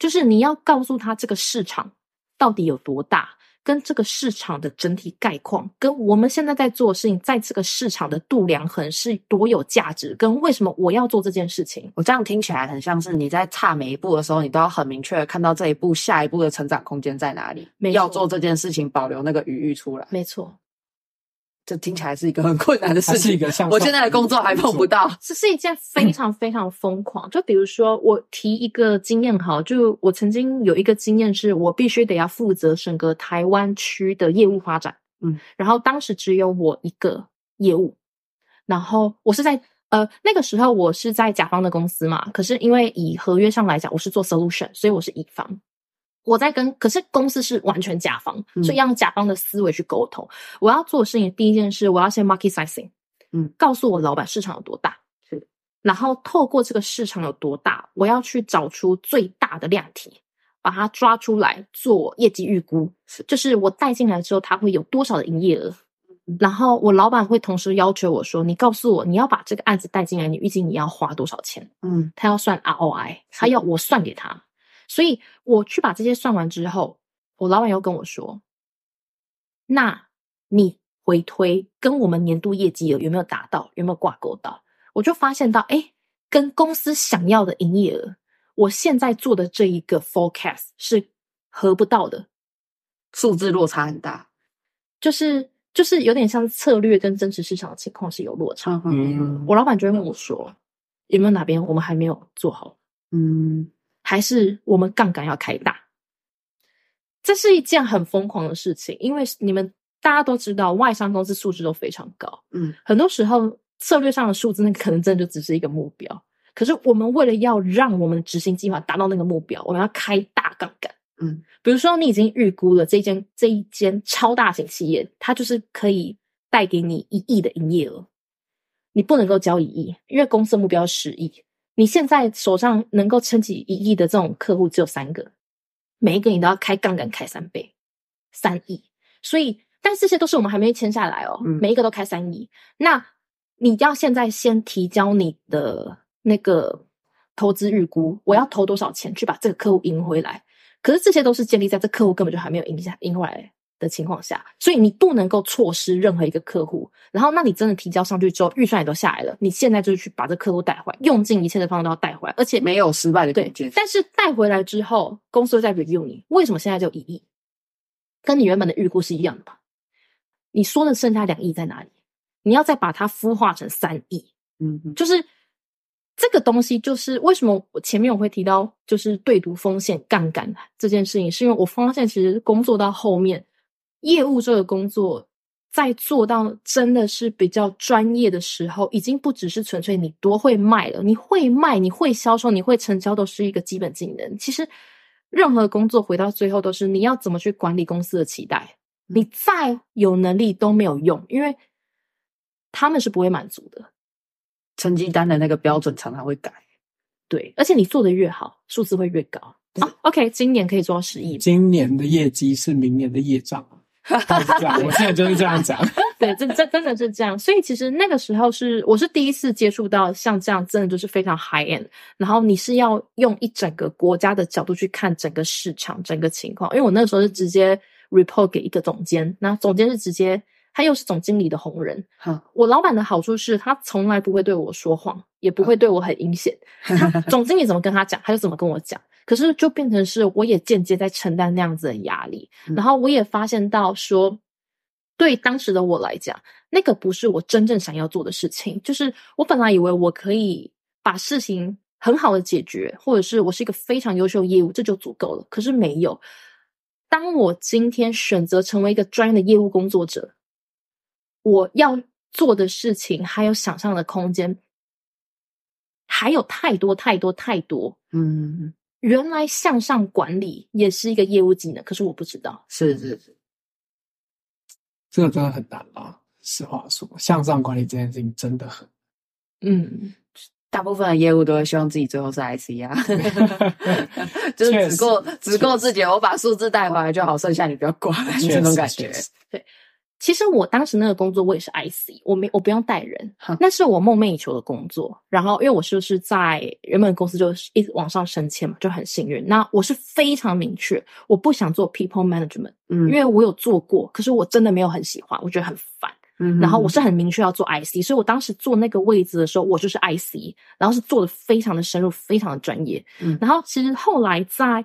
就是你要告訴他這個市場到底有多大。跟這個市場的整體概況，跟我們現在在做的事情，在這個市場的度量衡是多有價值，跟為什麼我要做這件事情。我這樣聽起來很像是你在踏每一步的時候，你都要很明確的看到這一步、下一步的成長空間在哪裡。沒錯，要做這件事情，保留那個餘裕出來，沒錯。這聽起來是一個很困難的事情。我現在的工作還碰不到。是不到這是一件非常非常瘋狂。嗯，就比如說，我提一個經驗哈，就我曾經有一個經驗是，我必須得要負責整個台灣區的業務發展。嗯，然後當時只有我一個業務，然後我是在呃那個時候我是在甲方的公司嘛，可是因為以合約上來講，我是做 solution，所以我是乙方。我在跟，可是公司是完全甲方，嗯、所以讓甲方的思維去溝通。我要做事情，第一件事，我要先 market sizing，嗯，告訴我老板市場有多大，是的。然後透過這個市場有多大，我要去找出最大的量體，把它抓出來做業績預估，是的就是我帶進來之後，它會有多少的營業額。嗯、然後我老板會同時要求我說，你告訴我你要把這個案子帶進來，你預計你要花多少錢？嗯，他要算 ROI，的他要我算給他。所以我去把這些算完之後，我老板又跟我說：“那你回推跟我們年度業績有有沒有達到，有沒有掛鈎到？”我就發現到，哎、欸，跟公司想要的營業額，我現在做的這一個 forecast 是合不到的，數字落差很大，就是就是有點像策略跟真實市場的情況是有落差。嗯，嗯，嗯，我老板就會跟我說：“對有沒有哪邊我們還沒有做好？”嗯。還是我們槓桿要開大，這是一件很瘋狂的事情。因為你們大家都知道，外商公司素質都非常高，嗯，很多時候策略上的數字，那可能真的就只是一個目標。可是我們為了要讓我們的執行計劃達到那個目標，我們要開大槓桿，嗯，比如說你已經預估了這一間這一間超大型企業，它就是可以帶給你一億的營業額，你不能夠交一億，因為公司的目標十億。你現在手上能夠撐起一億的這種客戶只有三個，每一個你都要開槓桿開三倍，三億。所以，但這些都是我們還沒簽下來哦，嗯、每一個都開三億。那你要現在先提交你的那個投資預估，我要投多少錢去把這個客戶贏回來？可是這些都是建立在這客戶根本就還沒有贏下贏回來。的情況下，所以你不能夠錯失任何一個客戶。然後，那你真的提交上去之後，預算也都下來了。你現在就是去把這客戶帶回來，用盡一切的方法都要帶回來，而且沒有失敗的對。但是帶回來之後，公司會再 review 你，為什麼現在就一億，跟你原本的預估是一樣的吧？你說的剩下兩億在哪裡？你要再把它孵化成三億，嗯哼，就是這個東西，就是為什麼我前面我會提到就是對賭風險、槓桿這件事情，是因為我發現其實工作到後面。業務這個工作，在做到真的是比較專業的時候，已經不只是純粹你多會賣了，你會賣，你會銷售，你會成交都是一個基本技能。其實，任何工作回到最後都是你要怎麼去管理公司的期待。你再有能力都沒有用，因為他們是不會滿足的。成績單的那個標準常常會改，對，而且你做的越好，數字會越高是、啊。OK，今年可以做到十億，今年的業績是明年的業障。哈哈，我現在就是這樣講。對，這這真，真的是這樣，所以其實那個時候是，我是第一次接觸到像這樣，真的就是非常 high end，然後你是要用一整個國家的角度去看整個市場，整個情況，因為我那個時候是直接 report 給一個總監，那總監是直接。他又是總經理的紅人。Huh. 我老闆的好處是他從來不會對我說謊，也不會對我很陰險。Huh. <laughs> 總經理怎麼跟他講，他就怎麼跟我講。可是就變成是我也間接在承擔那樣子的壓力。Huh. 然後我也發現到說，對當時的我來講，那個不是我真正想要做的事情。就是我本來以為我可以把事情很好的解決，或者是我是一個非常優秀的業務，這就足夠了。可是沒有。當我今天選擇成為一個專業的業務工作者，我要做的事情還有想象的空間，還有太多太多太多。太多嗯，原來向上管理也是一個業務技能，可是我不知道。嗯、是是是，這個真的很難啦、啊。實話說，向上管理這件事情真的很……嗯，大部分的業務都會希望自己最後是 ICR，、啊、 <laughs> <laughs> 就是只夠實只夠自己，我把數字帶回來，實就好，剩下你不要管這種感覺。對。其實我當時那個工作，我也是 IC，我沒我不用帶人，那是我夢寐以求的工作。然後，因為我就是，是在原本公司就是一直往上升遷嘛，就很幸運。那我是非常明確，我不想做 people management，嗯，因為我有做過，可是我真的沒有很喜歡，我覺得很煩，嗯哼哼。然後我是很明確要做 IC，所以我當時做那個位置的時候，我就是 IC，然後是做得非常的深入，非常的專業，嗯。然後其實後來在。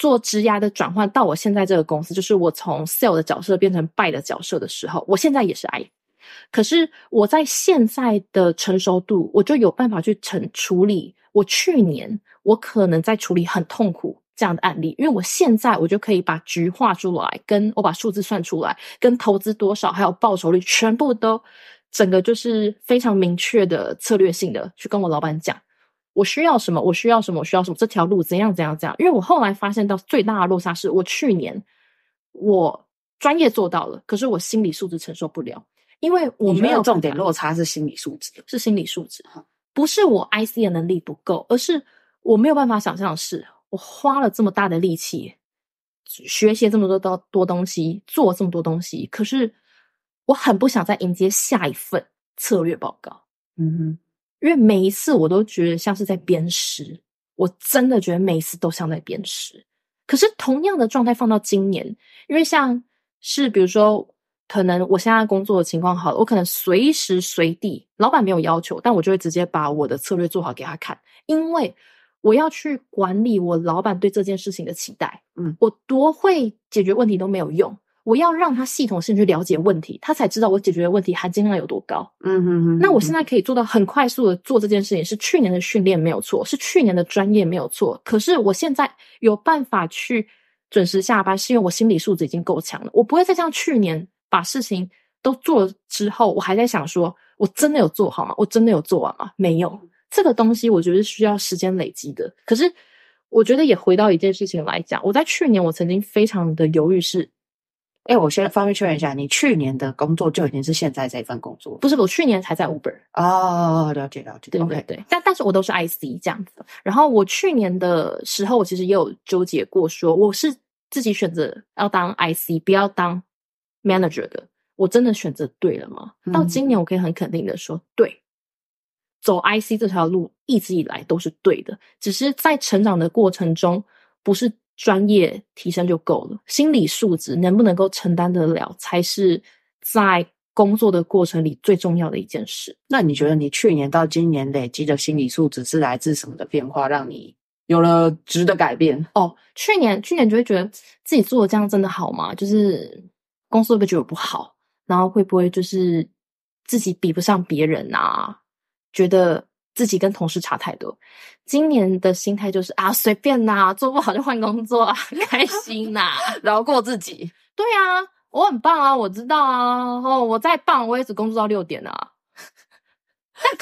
做職業的轉換到我現在這個公司，就是我從 sell 的角色變成 buy 的角色的時候，我現在也是 buy，可是我在現在的成熟度，我就有辦法去成處理我去年我可能在處理很痛苦這樣的案例，因為我現在我就可以把局畫出來，跟我把數字算出來，跟投資多少還有報酬率全部都整個就是非常明確的策略性的去跟我老板講。我需要什麼？我需要什麼？我需要什麼？這條路怎樣？怎樣？怎樣？因為我後來發現到最大的落差是，我去年我專業做到了，可是我心理素質承受不了，因為我沒有重點。落差是心理素質，是心理素質，嗯、不是我 IC 的能力不夠，而是我沒有辦法想象的是，我花了這麼大的力氣，學習這麼多多東西，做這麼多東西，可是我很不想再迎接下一份策略報告。嗯哼。因為每一次我都覺得像是在鞭屍，我真的覺得每一次都像在鞭屍。可是同樣的狀態放到今年，因為像是比如說，可能我現在工作的情況好了，我可能隨時隨地，老板沒有要求，但我就會直接把我的策略做好給他看，因為我要去管理我老板對這件事情的期待。嗯，我多會解決問題都沒有用。我要讓他系統性去了解問題，他才知道我解決的問題含金量有多高。嗯嗯嗯。那我現在可以做到很快速的做這件事情，是去年的訓練沒有錯，是去年的專業沒有錯。可是我現在有辦法去準時下班，是因為我心理素質已經夠強了。我不會再像去年把事情都做了之後，我還在想說，我真的有做好嗎？我真的有做完嗎？沒有。這個東西我覺得是需要時間累積的。可是我覺得也回到一件事情來講，我在去年我曾經非常的猶豫是。哎、欸，我先方便確認一下，你去年的工作就已經是現在這份工作了？不是，我去年才在 Uber。哦，了解了解，對對對。okay。但但是我都是 IC 這樣子的。然後我去年的時候，我其實也有糾結過，說我是自己選擇要當 IC，不要當 manager 的。我真的選擇對了嗎？嗯、到今年，我可以很肯定的說，對，走 IC 這條路一直以來都是對的。只是在成長的過程中，不是。專業提升就夠了，心理素質能不能夠承擔得了，才是在工作的過程裡最重要的一件事。那你覺得你去年到今年累積的心理素質是來自什麼的變化，讓你有了值得改變？哦，去年去年就會覺得自己做的這樣真的好嗎？就是公司會不會覺得不好？然後會不會就是自己比不上別人啊？覺得。自己跟同事差太多，今年的心態就是啊，隨便吶、啊，做不好就換工作、啊，開心吶、啊，饒 <laughs> 過自己。對啊，我很棒啊，我知道啊，哦，我再棒，我也只工作到六點啊。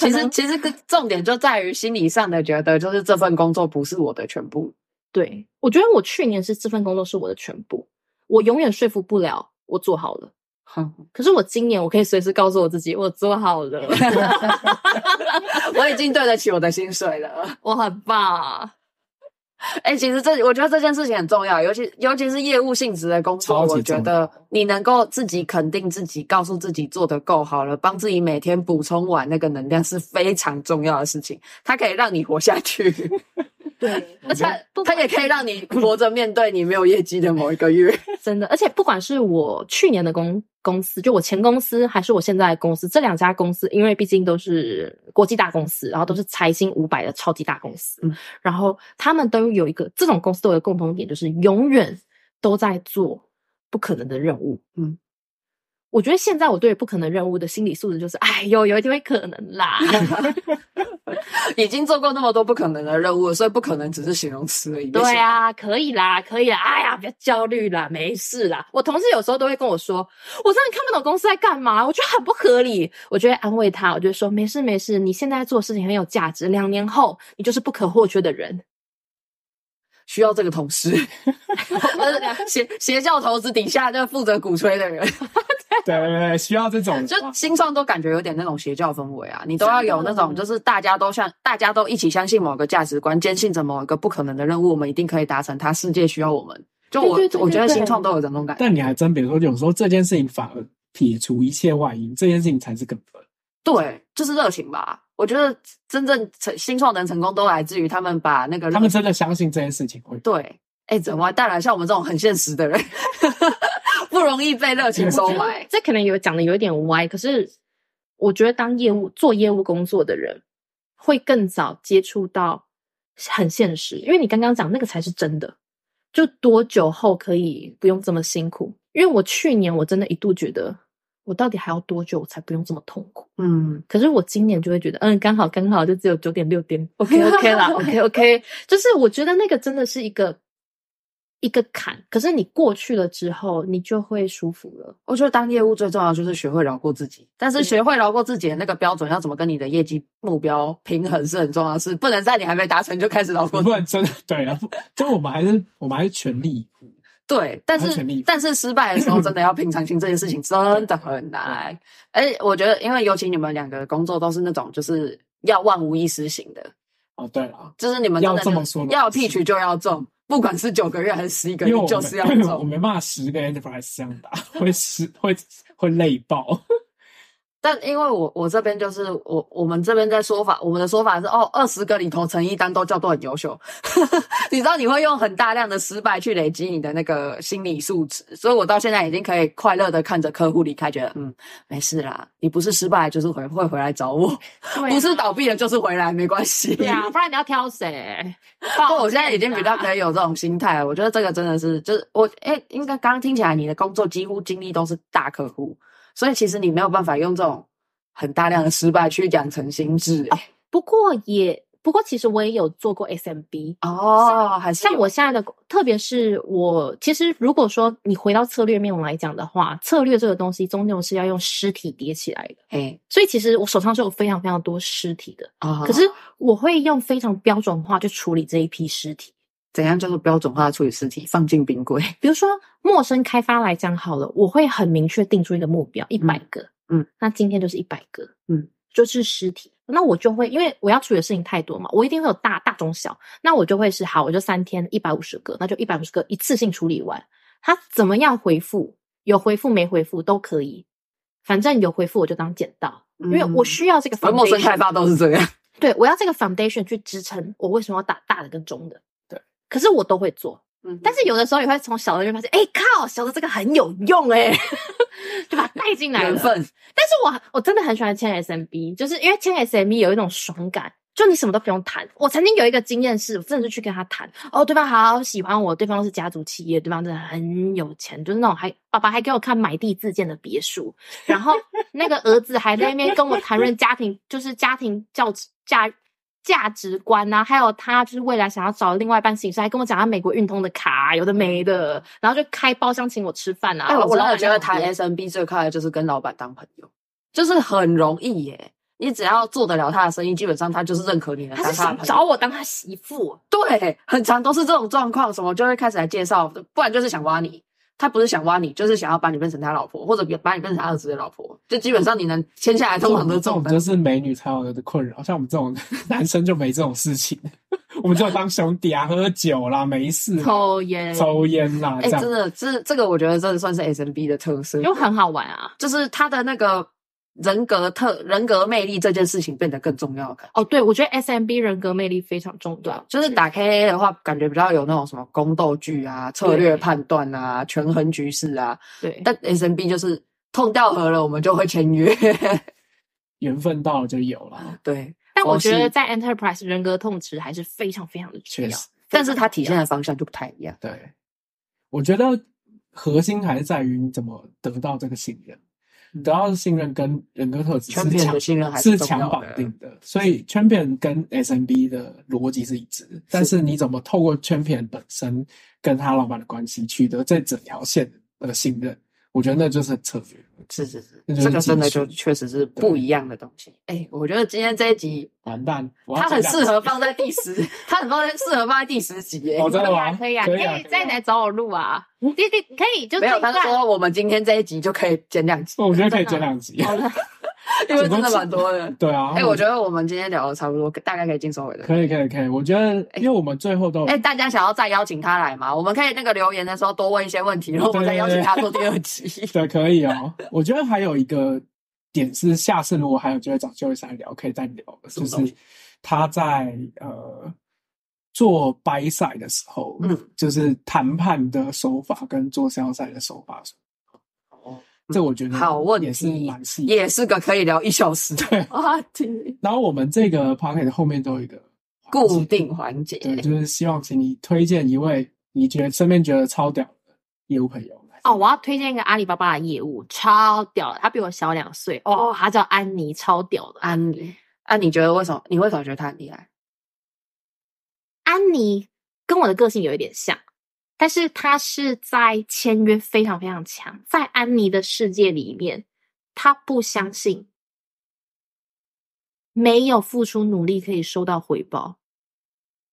但 <laughs> 其實，其實重點就在於心理上的覺得，就是這份工作不是我的全部。對，我覺得我去年是這份工作是我的全部，我永遠說服不了我做好了。可是我今年我可以隨時告訴我自己，我做好了， <laughs> <laughs> 我已經對得起我的薪水了，我很棒。哎，其實這我覺得這件事情很重要，尤其尤其是業務性質的工作，我覺得你能夠自己肯定自己，告訴自己做得夠好了，幫自己每天補充完那個能量是非常重要的事情，它可以讓你活下去。 <laughs> 對，而且、嗯、管他也可以讓你活着面對你沒有業績的某一個月。真的，而且不管是我去年的公公司，就我前公司還是我現在的公司，這兩家公司，因為畢竟都是國際大公司，然後都是財新五百的超級大公司，嗯、然後他們都有一個這種公司都有一個共同點，就是永遠都在做不可能的任務。嗯，我覺得現在我對不可能任務的心理素質就是，哎呦，有機會可能啦。 <laughs> <laughs> 已經做過那麼多不可能的任務了，所以不可能只是形容詞而已。對啊，可以啦，可以啦。哎呀，別焦慮啦，沒事啦。我同事有時候都會跟我說，我真的看不懂公司在幹嘛，我覺得很不合理。我就會安慰他，我就說沒事沒事，你現在做事情很有價值，兩年後你就是不可或缺的人，需要這個同事。邪教頭子底下那負責鼓吹的人。對，對，對，需要這種，就新創都感覺有點那種邪教氛圍啊，的你都要有那種，就是大家都像，大家都一起相信某個價值觀，堅信着某一個不可能的任務，我們一定可以達成，他世界需要我們。就我，對對對對，我覺得新創都有這種感覺、覺。但你還真別說，有時候這件事情反而撇除一切外因，這件事情才是根本。對，就是熱情吧。我覺得真正成新創能成功，都來自於他們把那個他們真的相信這件事情會。對。哎、欸，怎麼還帶來像我們這種很現實的人？ <laughs> 不容易被熱情收買，這可能有講的有一點歪。可是我覺得，當業務做業務工作的人，會更早接觸到很現實。因為你剛剛講那個才是真的，就多久後可以不用這麼辛苦？因為我去年我真的一度覺得，我到底還要多久我才不用這麼痛苦？嗯，可是我今年就會覺得，嗯，剛好剛好就只有九點六點 <laughs> ，OK OK 啦 OK OK。 <laughs> 就是我覺得那個真的是一個。一個坎，可是你過去了之後，你就會舒服了。我覺得當業務最重要的就是學會饒過自己，但是學會饒過自己的那個標準要怎麼跟你的業績目標平衡是很重要的事，是不能在你還沒達成就開始饒過自己、嗯。不然真的對啊，但我們還是我們還是全力以赴。對，但是但是失敗的時候真的要平常心，這件事情真的很難。哎、 <coughs> 欸，我覺得因為尤其你們兩個工作都是那種就是要萬無一失型的。哦，對了，就是你們、就是、要這麼說的，要屁取就要重。不管是九個月還是十一個月，就是要走我們，我沒罵十個 enterprise 這樣打，會是 <laughs> 會會累爆。 <laughs> 但因為我我這邊就是我我們這邊在說法，我們的說法是哦，二十個裡頭成一單都叫做很優秀。 <laughs> 你知道你會用很大量的失敗去累積你的那個心理素質，所以我到現在已經可以快樂的看着客戶離開，覺得嗯，沒事啦，你不是失敗就是回會，會回來找我，啊、不是倒閉了就是回來，沒關係。Yeah, 不然你要挑誰？不過，我現在已經比較可以有這種心態了。我覺得這個真的是就是我哎，應該剛剛聽起來你的工作幾乎經歷都是大客戶。所以其實你沒有辦法用這種很大量的失敗去養成心智、欸。哎、啊，不過也不過，其實我也有做過 SMB 哦，像，還是像我現在的，特別是我其實如果說你回到策略面來講的話，策略這個東西終究是要用屍體疊起來的。哎嘿，所以其實我手上是有非常非常多屍體的啊，哦、可是我會用非常標準化去處理這一批屍體。怎樣叫做標準化處理屍體，放進冰櫃？比如說，陌生開發來講好了，我會很明確定出一個目標，一百個嗯。嗯，那今天就是一百個。嗯，就是屍體。那我就會，因為我要處理的事情太多嘛，我一定會有大大、中小。那我就會是好，我就三天一百五十個，那就一百五十個一次性處理完。他怎麼樣回復？有回復沒回復都可以，反正有回復我就當撿到，嗯、因為我需要這個 foundation。反正陌生開發都是這樣。對我要這個 foundation 去支撐。我為什麼要打大的跟中的？可是我都會做，嗯、哼但是有的時候也會從小的就發現，哎、嗯哼欸、靠，小的這個很有用哎、欸，就把它帶進來了。分但是我，我我真的很喜歡簽 SMB，就是因為簽 SMB 有一種爽感，就你什麼都不用談。我曾經有一個經驗是，我真的是去跟他談，哦，對方好喜歡我，對方是家族企業，對方真的很有錢，就是那種還爸爸還給我看買地自建的別墅， <laughs> 然後那個兒子還在那邊跟我談論家庭， <laughs> 就是家庭教家。教教價值觀吶、啊，還有他就是未來想要找另外一半形式，還跟我講他美國運通的卡、啊，有的沒的，然後就開包廂請我吃飯吶、啊。哎，我知道，我覺得談 SMB 最快的就是跟老闆當朋友，嗯、就是很容易耶、欸。你只要做得了他的生意，基本上他就是認可你的，他的。他想找我當他媳婦、啊，對，很常都是這種狀況，什麼就會開始來介紹，不然就是想挖你。他不是想挖你，就是想要把你變成他老婆，或者把你變成他兒子的老婆。就基本上你能簽下來通常都這、嗯、這種就是美女才有的困擾。像我們這種男生就沒這種事情， <laughs> <laughs> 我們只有當兄弟啊，喝酒啦，沒事， <laughs> 抽菸，抽菸啦。哎、欸，真的，這這個我覺得真的算是 SMB 的特色，因為很好玩啊，就是他的那個。人格特人格魅力這件事情變得更重要的哦。對，我覺得 S M B 人格魅力非常重要。就是打 K A 的話，對感覺比較有那種什麼宮鬥劇啊、策略判斷啊、對權衡局勢啊。對， 但 S M B 就是痛掉河了，我們就會簽約。緣 <laughs> 分到了就有了。對，哦、但我覺得在 Enterprise 是人格痛詞還是非常非常的重要，實但是它體現的方向就不太一樣。對，我覺得核心還是在於你怎麼得到這個信任。主要信任跟人格特質是、是強綁定的，所以 champion 跟 SMB 的邏輯是一致的，是但是你怎麼透過 champion 本身跟他老板的關係，取得這整條線的信任，我覺得那就是策略。嗯是是是，這個真的就確實是不一樣的東西。哎，我覺得今天這一集完蛋，它很適合放在第十，它很放在適合放在第十集。哎，真的啊，可以啊，可以再來找我錄啊。可以可以，沒有，他說我們今天這一集就可以剪兩集。我覺得可以剪兩集。因為真的蠻多的，對啊。哎、欸，我，我覺得我們今天聊的差不多，大概可以進收尾的。可以，可以，可以。我覺得，因為我們最後都哎、欸欸，大家想要再邀請他來嗎？我們可以那個留言的時候多問一些問題，然後我再邀請他做第二期。對，可以哦。我覺得還有一個點是，下次如果還有，就會找機會 Joyce 來聊，可以再聊。就是他在呃做 buy side 的時候，嗯、就是談判的手法跟做 sell side 的手法的。這我覺得好，問題是蠻細、嗯，也是個可以聊一小時的話題。對然後我們這個 podcast 後面都有一個固定環節，對，就是希望請你推薦一位你覺得身邊覺得超屌的業務朋友。哦，我要推薦一個阿里巴巴的業務，超屌的，他比我小兩歲，哦，他叫安妮，超屌的安妮。安妮、啊，你覺得為什麼？你為什麼覺得他很厲害？安妮跟我的個性有一點像。但是他是在簽約非常非常強，在安妮的世界裡面，他不相信沒有付出努力可以收到回報，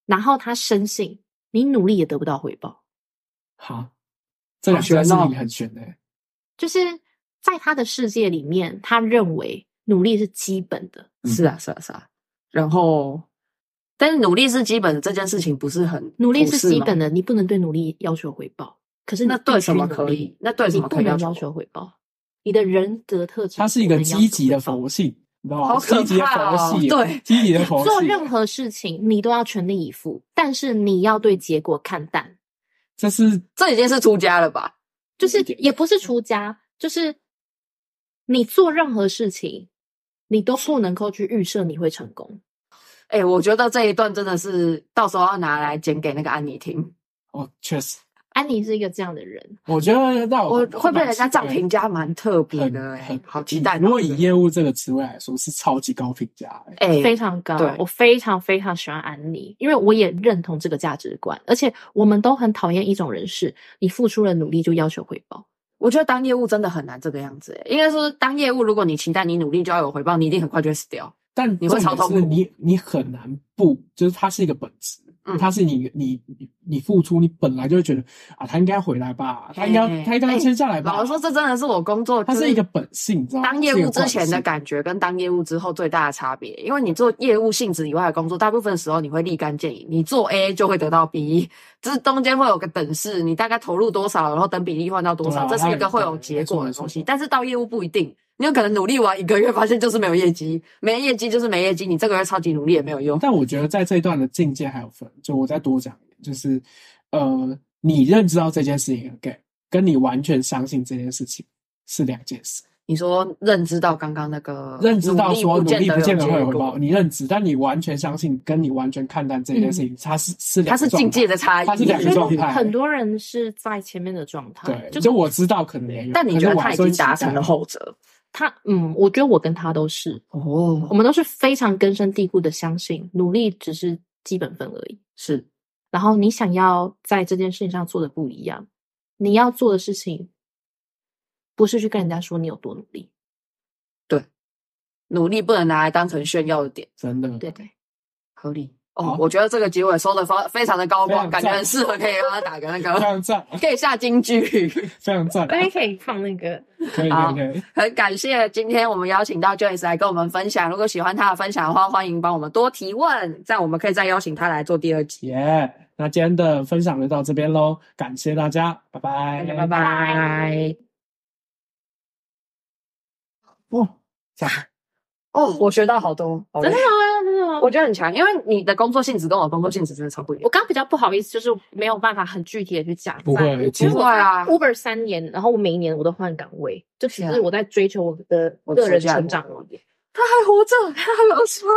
然後他深信你努力也得不到回報。好，這兩句話裡面很玄誒，就是在他的世界裡面，他認為努力是基本的。嗯、是啊，是啊，是啊。然後。但努力是基本，這件事情不是很努力是基本的，你不能對努力要求回報。可是你那對什麼可以？那對什麼可以求你不能要求回報？你的人格特質，它是一個積極的佛系，你知道嗎？好可怕啊、積極的佛系、哦。對積極的佛系。做任何事情，你都要全力以赴，但是你要對結果看淡。這是這已經是出家了吧？就是也不是出家，就是你做任何事情，你都不能夠去預設你會成功。哎、欸，我覺得這一段真的是到時候要拿來剪給那個安妮聽。哦，oh, 確實，安妮是一個這樣的人。我覺得那我，我會不會人家這樣評價蠻特別的？很，很、欸、好期待。如果以業務這個職位來說，是超級高評價、欸。哎、欸，非常高。對，我非常非常喜歡安妮，因為我也認同這個價值觀，而且我們都很討厭一種人士，你付出了努力就要求回報。我覺得當業務真的很難這個樣子、欸。應該說，當業務，如果你期待你努力就要有回報，你一定很快就會死掉。但問題是你，你你很難不，就是它是一個本質，它、嗯、是你你你付出，你本來就會覺得啊，它應該回來吧，它、欸、應該它、欸、應該接下來吧。老實說，這真的是我工作，它是一個本性。當業務之前的感覺跟當業務之後最大的差別，因為你做業務性質以外的工作，大部分時候你會立竿見影，你做 A 就會得到 B，就是中間會有個等式，你大概投入多少，然後等比例換到多少、啊，這是一個會有結果的東西。沒錯沒錯，但是到業務不一定。你有可能努力完一個月，發現就是沒有業績，沒業績就是沒業績，你這個月超級努力也沒有用。但我覺得在這一段的境界還有分，就我再多講一點，就是呃，你認知到這件事情 okay, 跟你完全相信這件事情是兩件事。你說認知到剛剛那個認知到說努力不見得會有回報，你認知，但你完全相信，跟你完全看淡這件事情，它是是它是境界的差異，它是兩個狀態。很多人是在前面的狀態，就我知道可能，但你覺得他已經達成了後者。他嗯，我覺得我跟他都是哦，Oh. 我們都是非常根深蒂固的相信，努力只是基本分而已。是，然後你想要在這件事情上做的不一樣，你要做的事情不是去跟人家說你有多努力，對，努力不能拿來當成炫耀的點，真的，對對，合理。哦，我覺得這個結尾收的方非常的高光，感覺很適合，可以讓他打個那個，非常讚，可以下金句，非常讚，大家可以放那個，可以，那個，很感謝今天我們邀請到 Joyce 來跟我們分享，如果喜歡他的分享的話，歡迎幫我們多提問，這樣我們可以再邀請他來做第二集。耶，那今天的分享就到這邊嘍，感謝大家，拜拜，拜拜。哦，哦，我學到好多，真的嗎？ <noise> 我覺得很強，因為你的工作性質跟我的工作性質真的超不一樣。我剛剛比較不好意思，就是沒有辦法很具體的去講。不會，不會啊！Uber 三年，然後我每一年我都換崗位，就其實我在追求我的個人成長 yeah, 他還活着，他還有希望。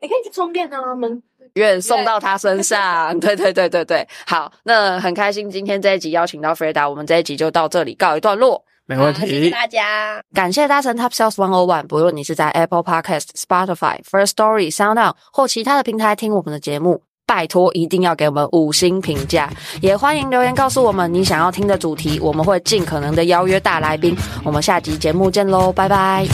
你可以去充電、啊，他們願送到他身上。 <laughs> 對對對對對，好，那很開心，今天這一集邀請到 Freda 我們這一集就到這裡告一段落。沒問題，謝謝大家，感謝大神 Top Sales 101。不論你是在 Apple Podcast、Spotify、First Story、Sound On 或其他的平台聽我們的節目，拜托一定要給我們五星評價，也歡迎留言告訴我們你想要聽的主題，我們會盡可能的邀約大來賓。我們下集節目見嘍，拜拜。